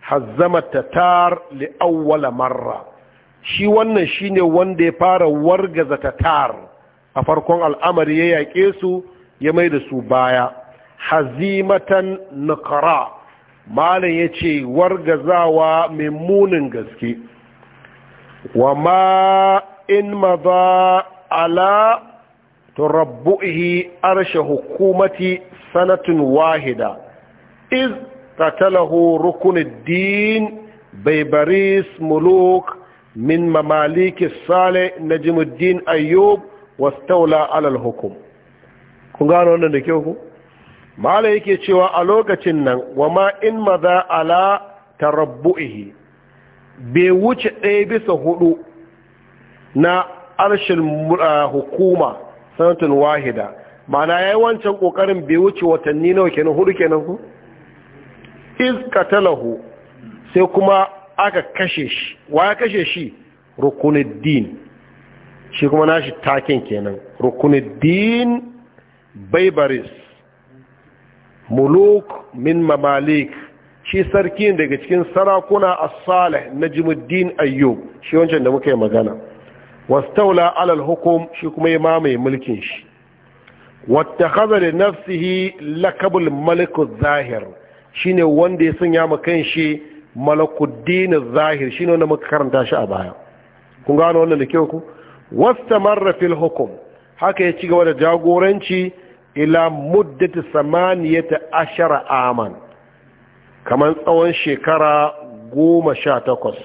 hazzama tatar li awwala marra shi wannan shine wanda ya fara wargaza tatar a farkon al'amari ya yaƙe su ya mai da su baya hazimatan nakara malam ya ce wargazawa mai munin gaske wa ma in maza ala turabbu'ihi arshe hukumati sanatin wahida iz qatalahu rukunuddin baybaris muluk min mamaliki salih najmuddin ayyub wastaula alal hukum kun gano wannan da kyau ku mala yake cewa a lokacin nan wa ma in maza ala tarabbu'ihi bai wuce ɗaya bisa hudu na arshin hukuma sanatun wahida ma'ana yayi wancan kokarin bai wuce watanni nawa kenan hudu kenan ku izkatalahu sai kuma aka kashe shi wa ya kashe shi rukunuddin shi kuma nashi taken kenan rukunuddin baibaris muluk min mamalik shi sarki daga cikin sarakuna as-salih najmuddin ayyub shi wancan da muka yi magana wastaula alal hukum shi kuma ya mamaye mulkin shi wattakhadha li nafsihi lakabul malik zahir shine wanda ya sanya ma kanshi malakuddin zahir shine wanda muka karanta shi a baya kun gano wannan da kyau ku wastamarra fil hukum haka ya ci gaba da jagoranci ila muddati samaniyata ashara aman kamar tsawon shekara goma sha takwas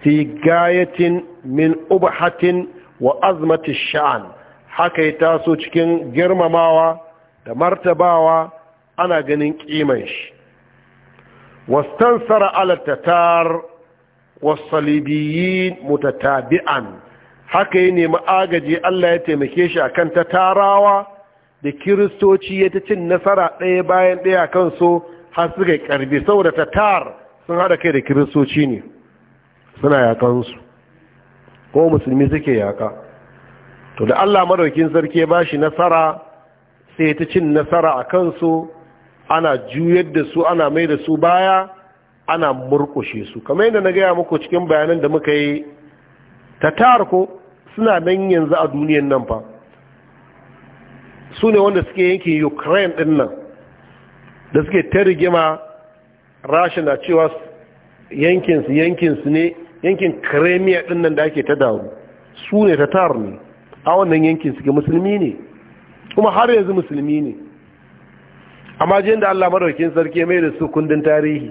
fi gayatin min ubahatin wa azmati sha'an haka ya taso cikin girmamawa da martabawa ana ganin kimanshi shi wastansara ala tatar wasalibiyin mutatabi'an haka ya nemi agaji Allah ya taimake shi akan tatarawa da kiristoci ya ta cin nasara ɗaya bayan ɗaya kan har suka karbi saboda tatar sun haɗa kai da kiristoci ne suna yakansu ko musulmi suke yaka to da Allah maraukin sarki ya bashi nasara sai ta cin nasara a kansu ana juyar da su ana mai da su baya ana murkushe su kamar yadda na gaya muku cikin bayanan da muka yi ta ko suna nan yanzu a duniyan nan fa su ne wanda suke yanki ukraine din nan da suke ta rigima rashi na cewa yankinsu yankinsu ne yankin kremiya din nan da ake ta daru su ne tatar ne a wannan yankin suke musulmi ne kuma har yanzu musulmi ne amma jin da Allah madaukin sarki mai da su kundin tarihi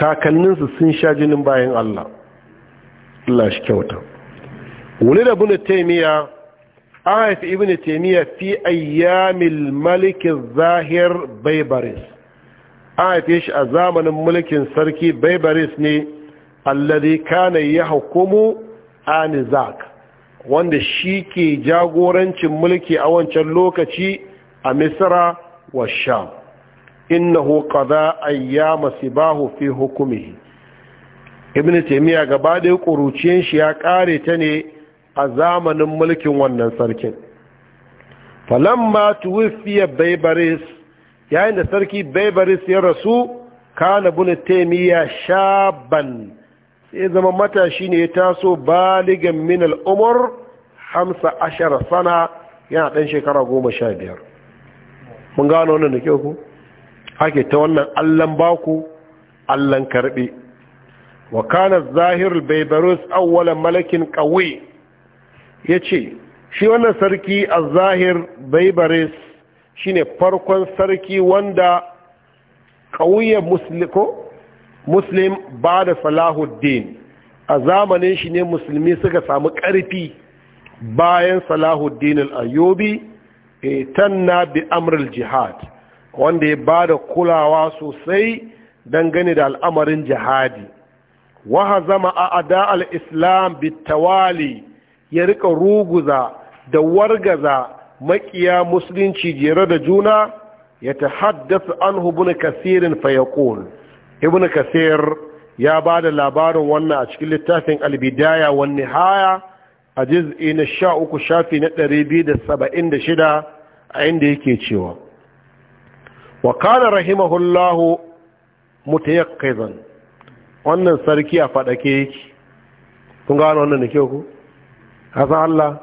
kakanninsu sun sha jinin bayan Allah Allah shi kyauta wuli da bunu taimiya an haifi ibn taimiya fi ayyamin malikin zahir baibaris an haife shi a zamanin mulkin sarki baibaris ne alladhi kana yahkumu anizak wanda shi ke jagorancin mulki a wancan lokaci a misra wa sham innahu qada ayyama sibahu fi hukumihi ibn taymiya gaba da kuruciyen shi ya kare ta ne a zamanin mulkin wannan sarkin falamma tuwfiya baybaris yayin da sarki baybaris ya rasu kana ibn taymiya shaban sai zama matashi ne ya taso baligan min al-umur 15 sana yana dan shekara 15 mun gano wannan da kyau ku hake ta wannan allan baku allan karbe wa kana zahir al-baybarus awwalan malakin qawi yace shi wannan sarki az-zahir baybaris shine farkon sarki wanda qawiya musliko muslim ba'da salahuddin a zamanin shi ne musulmi suka samu karfi bayan salahuddin al-ayyubi tanna bi amril jihad wanda ya ba da kulawa sosai gani da al'amarin jihadi waha zama a ada al'islam tawali ya rika ruguza da wargaza makiya musulunci jere da juna ya ta haddasa an hubuna kasirin fayakul ibn kasir ya ba da labarin wannan a cikin littafin albidaya wani haya a jiz'i na sha uku shafi na ɗari biyu da saba'in da shida a inda yake cewa wa kana rahimahullahu mutayaqqizan wannan sarki a fadake yake kun gano wannan da ke ku hasan Allah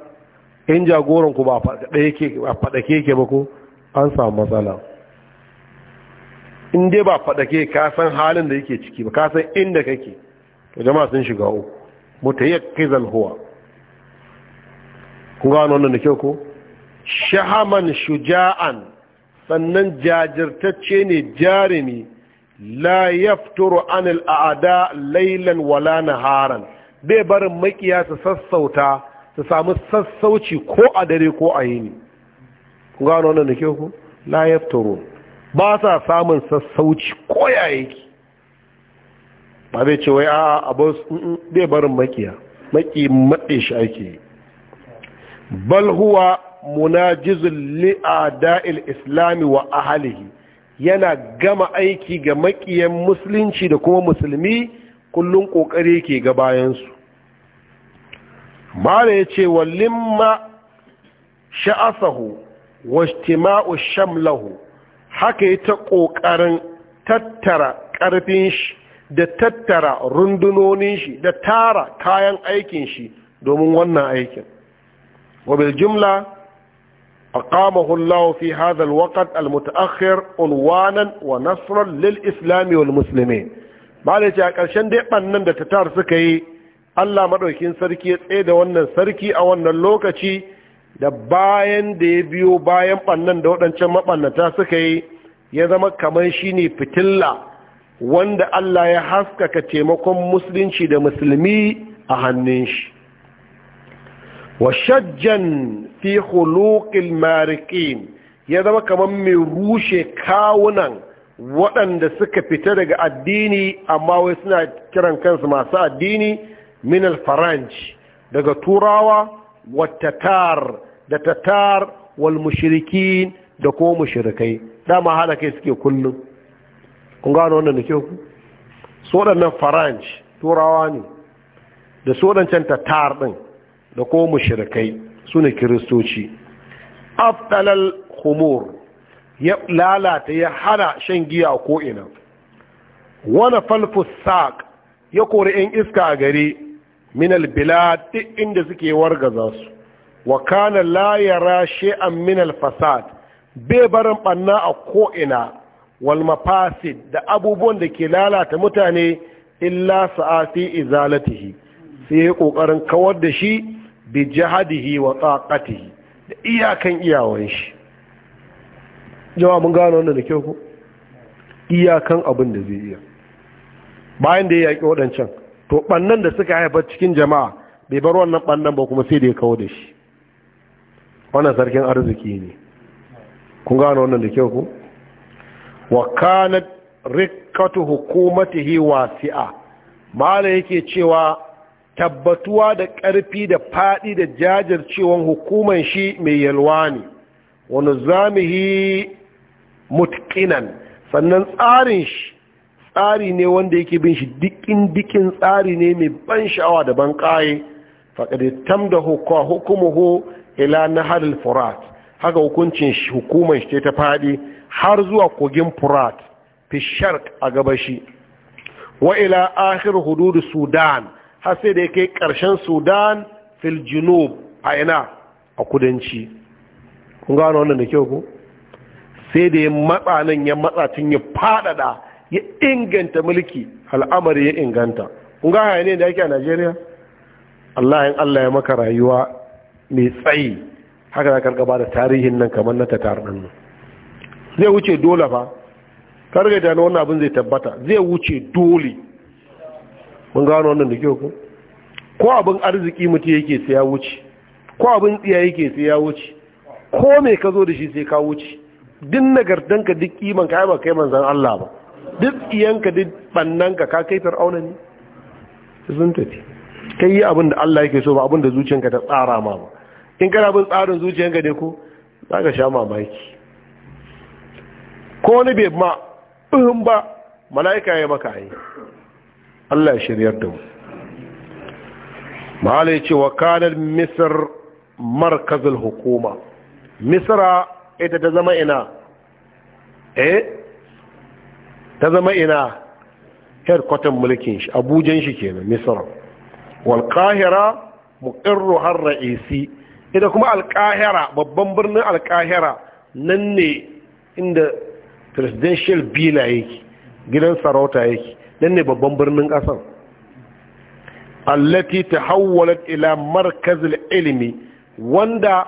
in jagoran ku ba fadake yake ba fadake yake ba ku an samu matsala in dai ba faɗaƙe ka san halin da yake ciki ba ka san inda kake to jama'a sun shiga uku mutayaqqizan huwa ku gano wannan da kyau ko shahaman shuja'an sannan jajirtacce ne jarumi la yafturu anil a'ada laylan wala naharan bai barin makiya su sassauta su samu sassauci ko a dare ko a yini ku gano wannan da kyau ko la yafturu ba sa samun sassauci ko yayi ki ba zai ce wai a'a abos bai barin makiya maki maɗe shi ake yi bal huwa munajizun li'ada'il islami wa ahalihi yana gama aiki ga makiyan musulunci da kuma musulmi kullum kokari ke ga bayansu mala ya ce wallimma sha'asahu wajtima'u shamlahu haka yi ta ƙoƙarin tattara ƙarfin shi da tattara rundunonin shi da tara kayan aikin shi domin wannan aikin وبالجملة أقامه الله في هذا الوقت المتأخر عنوانا ونصرا للإسلام والمسلمين bala ce a ƙarshen dai ɓannan da tatar suka yi allah maɗaukin sarki ya tsaye da wannan sarki a wannan lokaci da bayan da ya biyo bayan ɓannan da waɗancan maɓannata suka yi ya zama kamar shi ne fitilla wanda allah ya haskaka taimakon musulunci da musulmi a hannun shi washajjan shajjan fi khuluqil ya zama kamar mai rushe kawunan waɗanda suka fita daga addini amma wai suna kiran kansu masu addini minal alfaranj daga turawa wa da tatar wal mushrikin da ko mushirikai dama hada kai suke kullum kun gano wannan da kyau su waɗannan turawa ne da su waɗancan tatar ɗin da ko mushrikai sune kiristoci afdalal khumur ya lalata ya hana shan giya ko ina wani falfus saq ya kori yan iska a gari minal bilad duk inda suke wargaza su wa kana la yara shay'an minal fasad bai barin banna a ko ina wal mafasid da abubuwan da ke lalata mutane illa sa'afi izalatihi sai ƙoƙarin kokarin kawar da shi bi jihadihi wa tsaqatihi da iyakan iyawan shi jawa mun gano wannan da kyau ko iyakan abin da zai iya bayan da ya yaki waɗancan to bannan da suka haifar cikin jama'a bai bar wannan bannan ba kuma sai da ya kawo da shi wannan sarkin arziki ne kun gano wannan da kyau ko wa kanat rikkatu hukumatihi wasi'a mala yake cewa tabbatuwa da ƙarfi da faɗi da jajircewan hukuman shi mai yalwa ne wani zamihi mutkinan sannan tsarin shi tsari ne wanda yake bin shi dikin dikin tsari ne mai ban sha'awa da ban ƙaye faƙaɗe tam da hukumuhu ila na halil furat haka hukuncin hukumar shi ta faɗi har zuwa kogin furat fi shark a gabashi wa ila ahir hududu sudan har sai da ya kai ƙarshen sudan fil junub a ina a kudanci kun gano wannan da kyau ko sai da ya matsa nan ya matsa tun ya fadada ya inganta mulki al'amari ya inganta kun ga ne da yake a najeriya allah in allah ya maka rayuwa mai tsayi haka za karka ba da tarihin nan kamar na tatar ɗin nan zai wuce dole fa karga da wannan abin zai tabbata zai wuce dole mun gano wannan da kyau ko ko abin arziki mutum yake sai ya wuce ko abin tsiya yake sai ya wuce ko me ka zo da shi sai ka wuce duk nagartanka duk kiman ka ba kai manzan Allah ba duk iyanka duk bannan ka ka kai fir'auna ne sun tafi kai yi abin da Allah yake so ba abin da zuciyanka ta tsara ma ba in kana bin tsarin zuciyanka ne ko zaka sha mamaki ko wani bai ma ɗin ba mala'ika ya maka yi Allah ya shiryar da mu mahala ya ce wa kanar misir markazin hukuma misira ita ta zama ina eh ta zama ina headquarter mulkin shi abujan shi kenan misira wal kahira har ra'isi ita kuma alkahira babban birnin alkahira nan ne inda presidential bila yake gidan sarauta yake nan ne babban birnin ƙasar allati tahawwalat ila markazil ilimi. wanda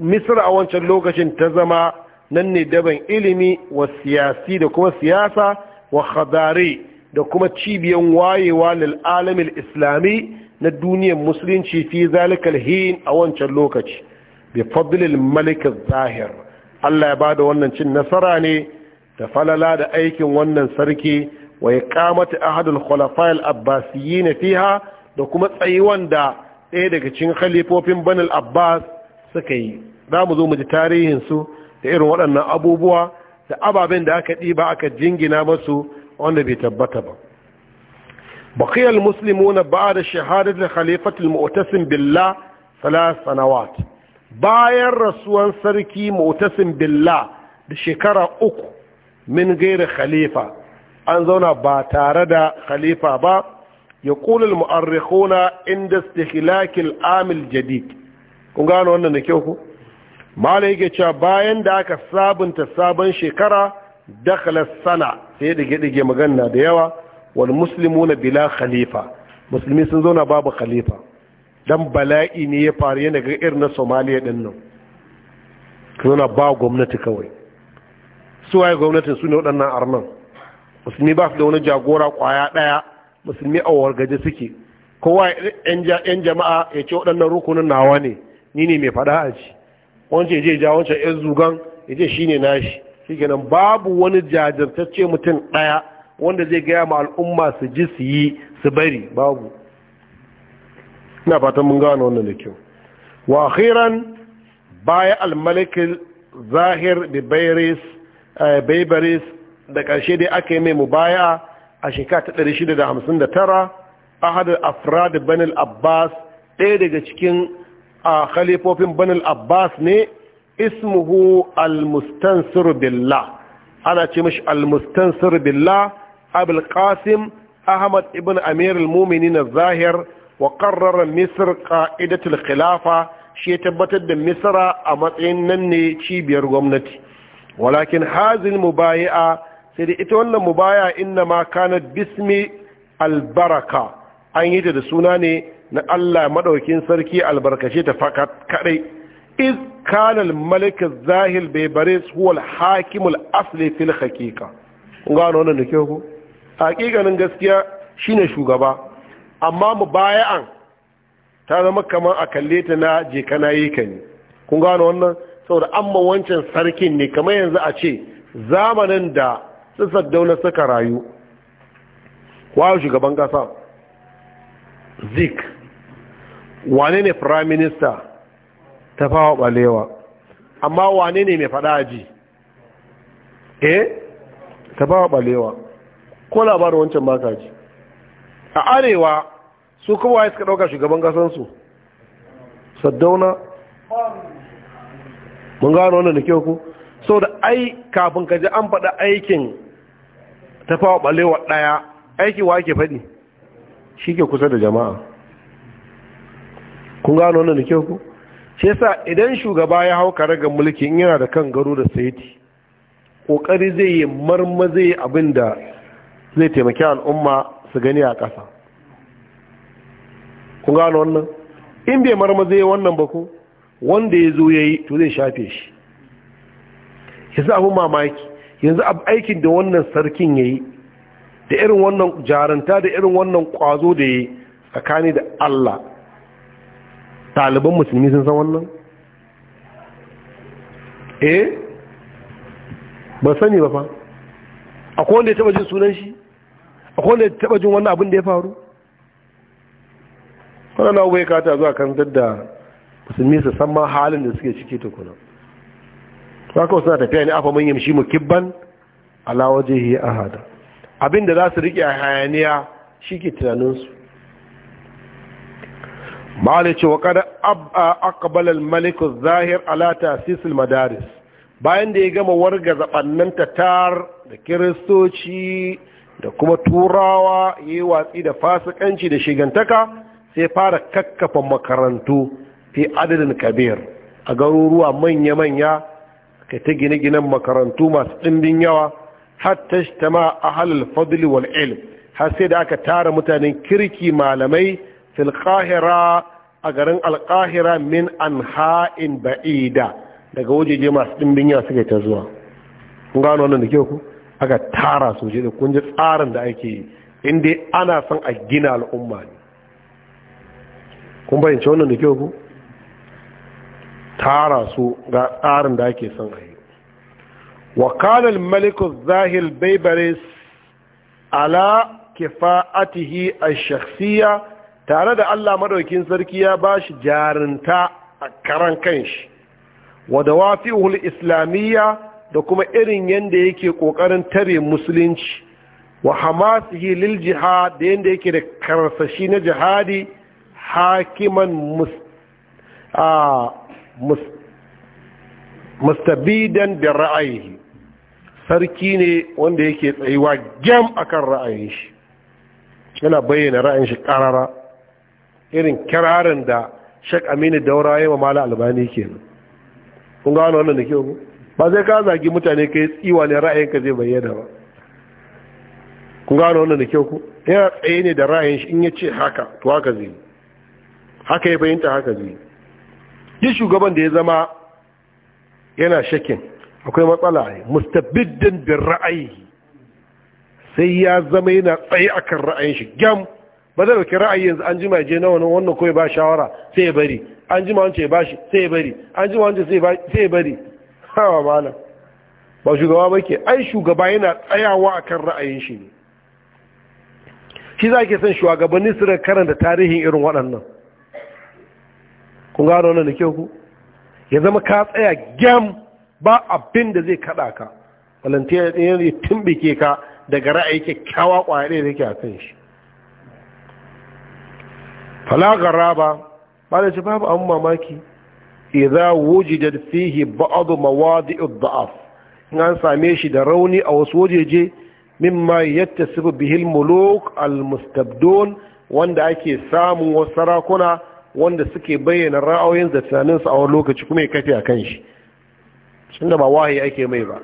misir a wancan lokacin ta zama nan ne daban ilimi wa siyasi da kuma siyasa wa khadari da kuma cibiyan wayewa lil alamil islami na duniyar musulunci fi zalikal hin a wancan lokaci bi fadlil malik zahir Allah ya bada wannan cin nasara ne da falala da aikin wannan sarki wa iqamati ahadul abbas yi abbasiyyin fiha da kuma tsayuwan da ɗaya daga cikin khalifofin banal abbas suka yi za mu zo mu ji tarihin su da irin waɗannan abubuwa da ababen da aka ɗiba aka jingina masu wanda bai tabbata ba baqiyal muslimuna ba'da da khalifatul mu'tasim billah salas sanawat bayan rasuwan sarki mu'tasim billah da shekara uku min gaira khalifa an zauna ba tare da khalifa ba ya kulul mu'arrikhuna inda istihlakil amil jadid kun gano wannan da kyau ku mala yake cewa bayan da aka sabunta sabon shekara dakhala sana sai dige dige magana da yawa wal muslimuna bila khalifa musulmi sun zauna babu khalifa dan bala'i ne ya faru yana ga irin na somaliya din nan zauna ba gwamnati kawai su waye gwamnatin su ne waɗannan arnan musulmi ba su da wani jagora kwaya ɗaya musulmi a wargaje suke kowa yan jama'a ya ce waɗannan rukunin nawa ne ni ne mai faɗa a ci wancan ya je ja wancan yan zugan ya ce shi ne nashi shikenan babu wani jajirtacce mutum ɗaya wanda zai gaya ma al'umma su ji su yi su bari babu ina fatan mun gano wannan da kyau wa akhiran baya al zahir bi bayris eh, da ƙarshe dai aka yi mai mubaya a shekara ta a hadar afrad banil abbas ɗaya daga cikin a khalifofin banil abbas ne ismuhu al-mustansir billah ana ce mashi al-mustansir billah abul ahmad ibn amir al-muminin zahir wa qarrara misr qa'idatul khilafa shi ya tabbatar da misra a matsayin nan ne cibiyar gwamnati walakin hazin mubayi'a sai dai ita wannan mubaya inna ma kana bismi albaraka an yi ta da suna ne na Allah madaukin sarki albarkace ta fakat kadai iz kana almalik malik az-zahil bi baris huwa hakim asli fil haqiqa kun wannan da kyau hakikanin gaskiya shine shugaba amma mubaya'an ta zama kamar a kalle ta na je kana yi ka ne kun gano wannan saboda amma wancan sarkin ne kamar yanzu a ce zamanin da su saddauna suka rayu wayo shugaban kasa zik wane ne prime minister ta fawa balewa amma wane ne mai fada ji eh ta fawa balewa ko labarin wancan baka ji a arewa su kuma ya suka dauka shugaban kasansu saddauna mun gano wannan da kyau ku so da ai kafin ka ji an faɗa aikin ta tafawa ɓalewa ɗaya aiki wa ke faɗi shi ke kusa da jama'a kun gano wannan da kyau ku shi yasa idan shugaba ya hau kare ga mulki in yana da kan garo da saiti kokari zai yi marma abin da zai taimaki al'umma su gani a ƙasa kun gano wannan in bai marma zai wannan ba ku wanda ya zo ya yi to zai shafe shi yanzu abin mamaki yanzu aikin da wannan sarkin ya yi da irin wannan jaranta da irin wannan kwazo da ya yi tsakani da allah taliban musulmi sun san wannan eh ba sani ba fa akwai wanda ya taba jin sunan shi akwai wanda ya taba jin wannan abin da ya faru wadanda abubuwa ya kata zuwa kan dadda musulmi su san ma halin da suke ciki tukuna saka suna tafiya ne afa manyan shi mukibban ala wajehi ahada abinda za su riƙe a hayaniya shi ke tunaninsu ma'ala ce wa kada akabalar malikus zahir alata sisil madaris bayan da ya gama warga zaɓannan tatar da kiristoci da kuma turawa ya yi watsi da fasikanci da shigantaka sai fara kakkafa makarantu fi adadin kabir a garuruwa manya-manya Ka ta gine-ginen makarantu masu ɗimbin yawa hatta ma a halal fadli wal ilm har sai da aka tara mutanen kirki malamai fil a garin alƙahira min an ha'in ba'ida daga wajeje masu ɗimbin yawa suka ta zuwa kun gano wannan da ke ku aka tara su je da kun ji tsarin da ake yi inda ana son a gina al'umma ne kun bayyance wannan da ke ku tara su ga tsarin da ake son a yi wakalar malikus zahil baybaris ala kifa'atihi a shakhsiya tare da allah maɗaukin sarki ya ba shi jarinta a karan kanshi wadda wafi'ul islamiyya da kuma irin yadda yake ƙoƙarin tare musulunci wa hamasihi lil jihad da yadda yake da karsashi na jihadi hakiman musulunci mustabidan da ra'ayi sarki ne wanda yake tsayuwa gem akan ra'ayin shi yana bayyana ra'ayin shi karara irin kirarin da shek aminu daura ya mamala albani kenan kun gano wannan da kyau ba zai ka zagi mutane kai tsiwa ne ra'ayinka zai bayyana ba kun gano wannan da kyau ku yana tsaye ne da ra'ayin shi in ya ce haka to haka zai haka ya fahimta haka zai duk shugaban da ya zama yana shakin akwai matsala ne mustabiddin bin ra'ayi sai ya zama yana tsaye akan ra'ayin shi gyam ba zai dauki ra'ayi yanzu an jima je na wani wannan ko ya ba shawara sai ya bari an jima wance ya ba shi sai ya bari an jima wance sai ya bari hawa malam ba shugaba ba ke ai shugaba yana tsayawa akan ra'ayin shi ne shi za ke son shugabanni su karanta tarihin irin waɗannan kun gano wannan da kyau ku ya zama ka tsaya gyam ba abin da zai kaɗa ka volunteer ɗin zai tumbike ka daga ra'ayi kyakkyawa ƙwaya ɗaya da ke a kan shi falagara ba ba da shi babu abin mamaki idza wujida fihi ba'd mawadi'u dha'af in an same shi da rauni a wasu wajeje mimma yadda bihi bihil muluk al mustabdon wanda ake samun wasu sarakuna wanda suke bayyana ra'ayoyin da tunaninsu a wani lokaci kuma ya kafe a kan shi shi da ba wahayi ake mai ba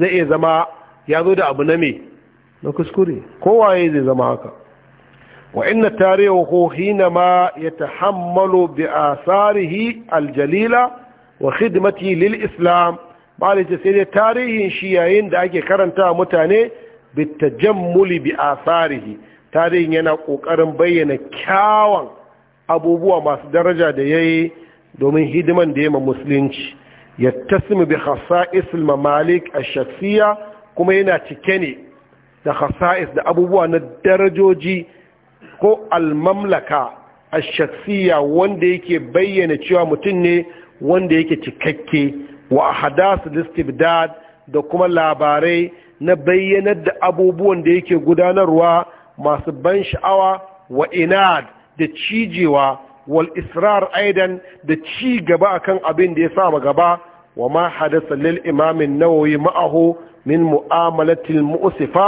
zai iya zama ya zo da abu na me na kuskure ya zai zama haka wa inna tarihu hina ma ya bi'a bi tsarihi aljalila wa khidmati lil islam ce sai dai tarihin shi yayin da ake karanta mutane bitajammuli bi tsarihi tarihin yana ƙoƙarin bayyana kyawan abubuwa masu daraja da ya yi domin hidiman da ya ma musulunci ya tasmi bi khasa'isul mamalik a shafiya kuma yana cike ne da khasa'is da abubuwa na darajoji ko almamlaka a shafiya wanda yake bayyana cewa mutum ne wanda yake cikakke wa hadasu listibdad da kuma labarai na bayyanar da abubuwan da yake gudanarwa masu ban sha'awa wa inad da cijewa wal israr aidan da ci gaba akan abin da ya sa gaba wa ma hadasa lil imam an-nawawi ma'ahu min mu'amalati al-mu'sifa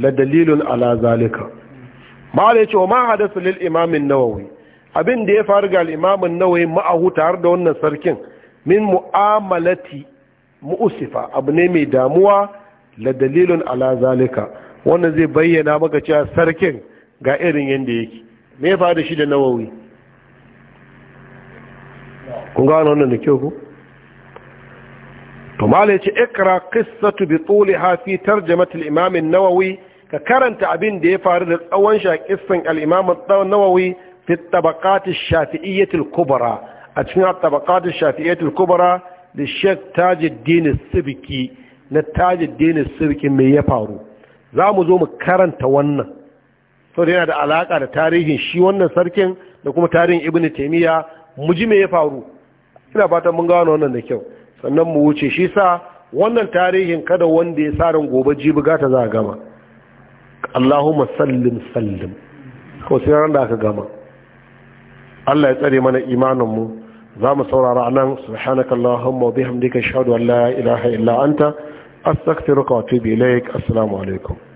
la dalilun ala zalika mala yace wa ma hadasa lil imam an-nawawi abin da ya faru ga al-imam an-nawawi ma'ahu tare da wannan sarkin min mu'amalati mu'sifa abu ne mai damuwa la dalilun ala zalika wannan zai bayyana maka cewa sarkin ga irin yadda yake me fa da shi da nawawi kun gano wannan da kyau ku to mala ce ikra qissatu bi tuliha fi tarjamat al-imam an-nawawi ka karanta abin da ya faru da tsawon sha kissan al-imam an-nawawi fi tabaqat ash-shafi'iyyah al-kubra a cikin tabaqat ash-shafi'iyyah al-kubra da shek Tajuddin al-Sibki na Tajuddin al-Sibki me ya faru za mu zo mu karanta wannan saboda yana da alaka da tarihin shi wannan sarkin da kuma tarihin ibn taimiyya mu ji ya faru ina fatan mun gano wannan da kyau sannan mu wuce shi sa wannan tarihin kada wanda ya sarin gobe jibi gata za a gama Allahumma sallim sallim ko sai ran da aka gama Allah ya tsare mana imanin mu za mu saurara anan subhanaka allahumma wa bihamdika ashhadu an la ilaha illa anta astaghfiruka wa atubu ilaik assalamu alaikum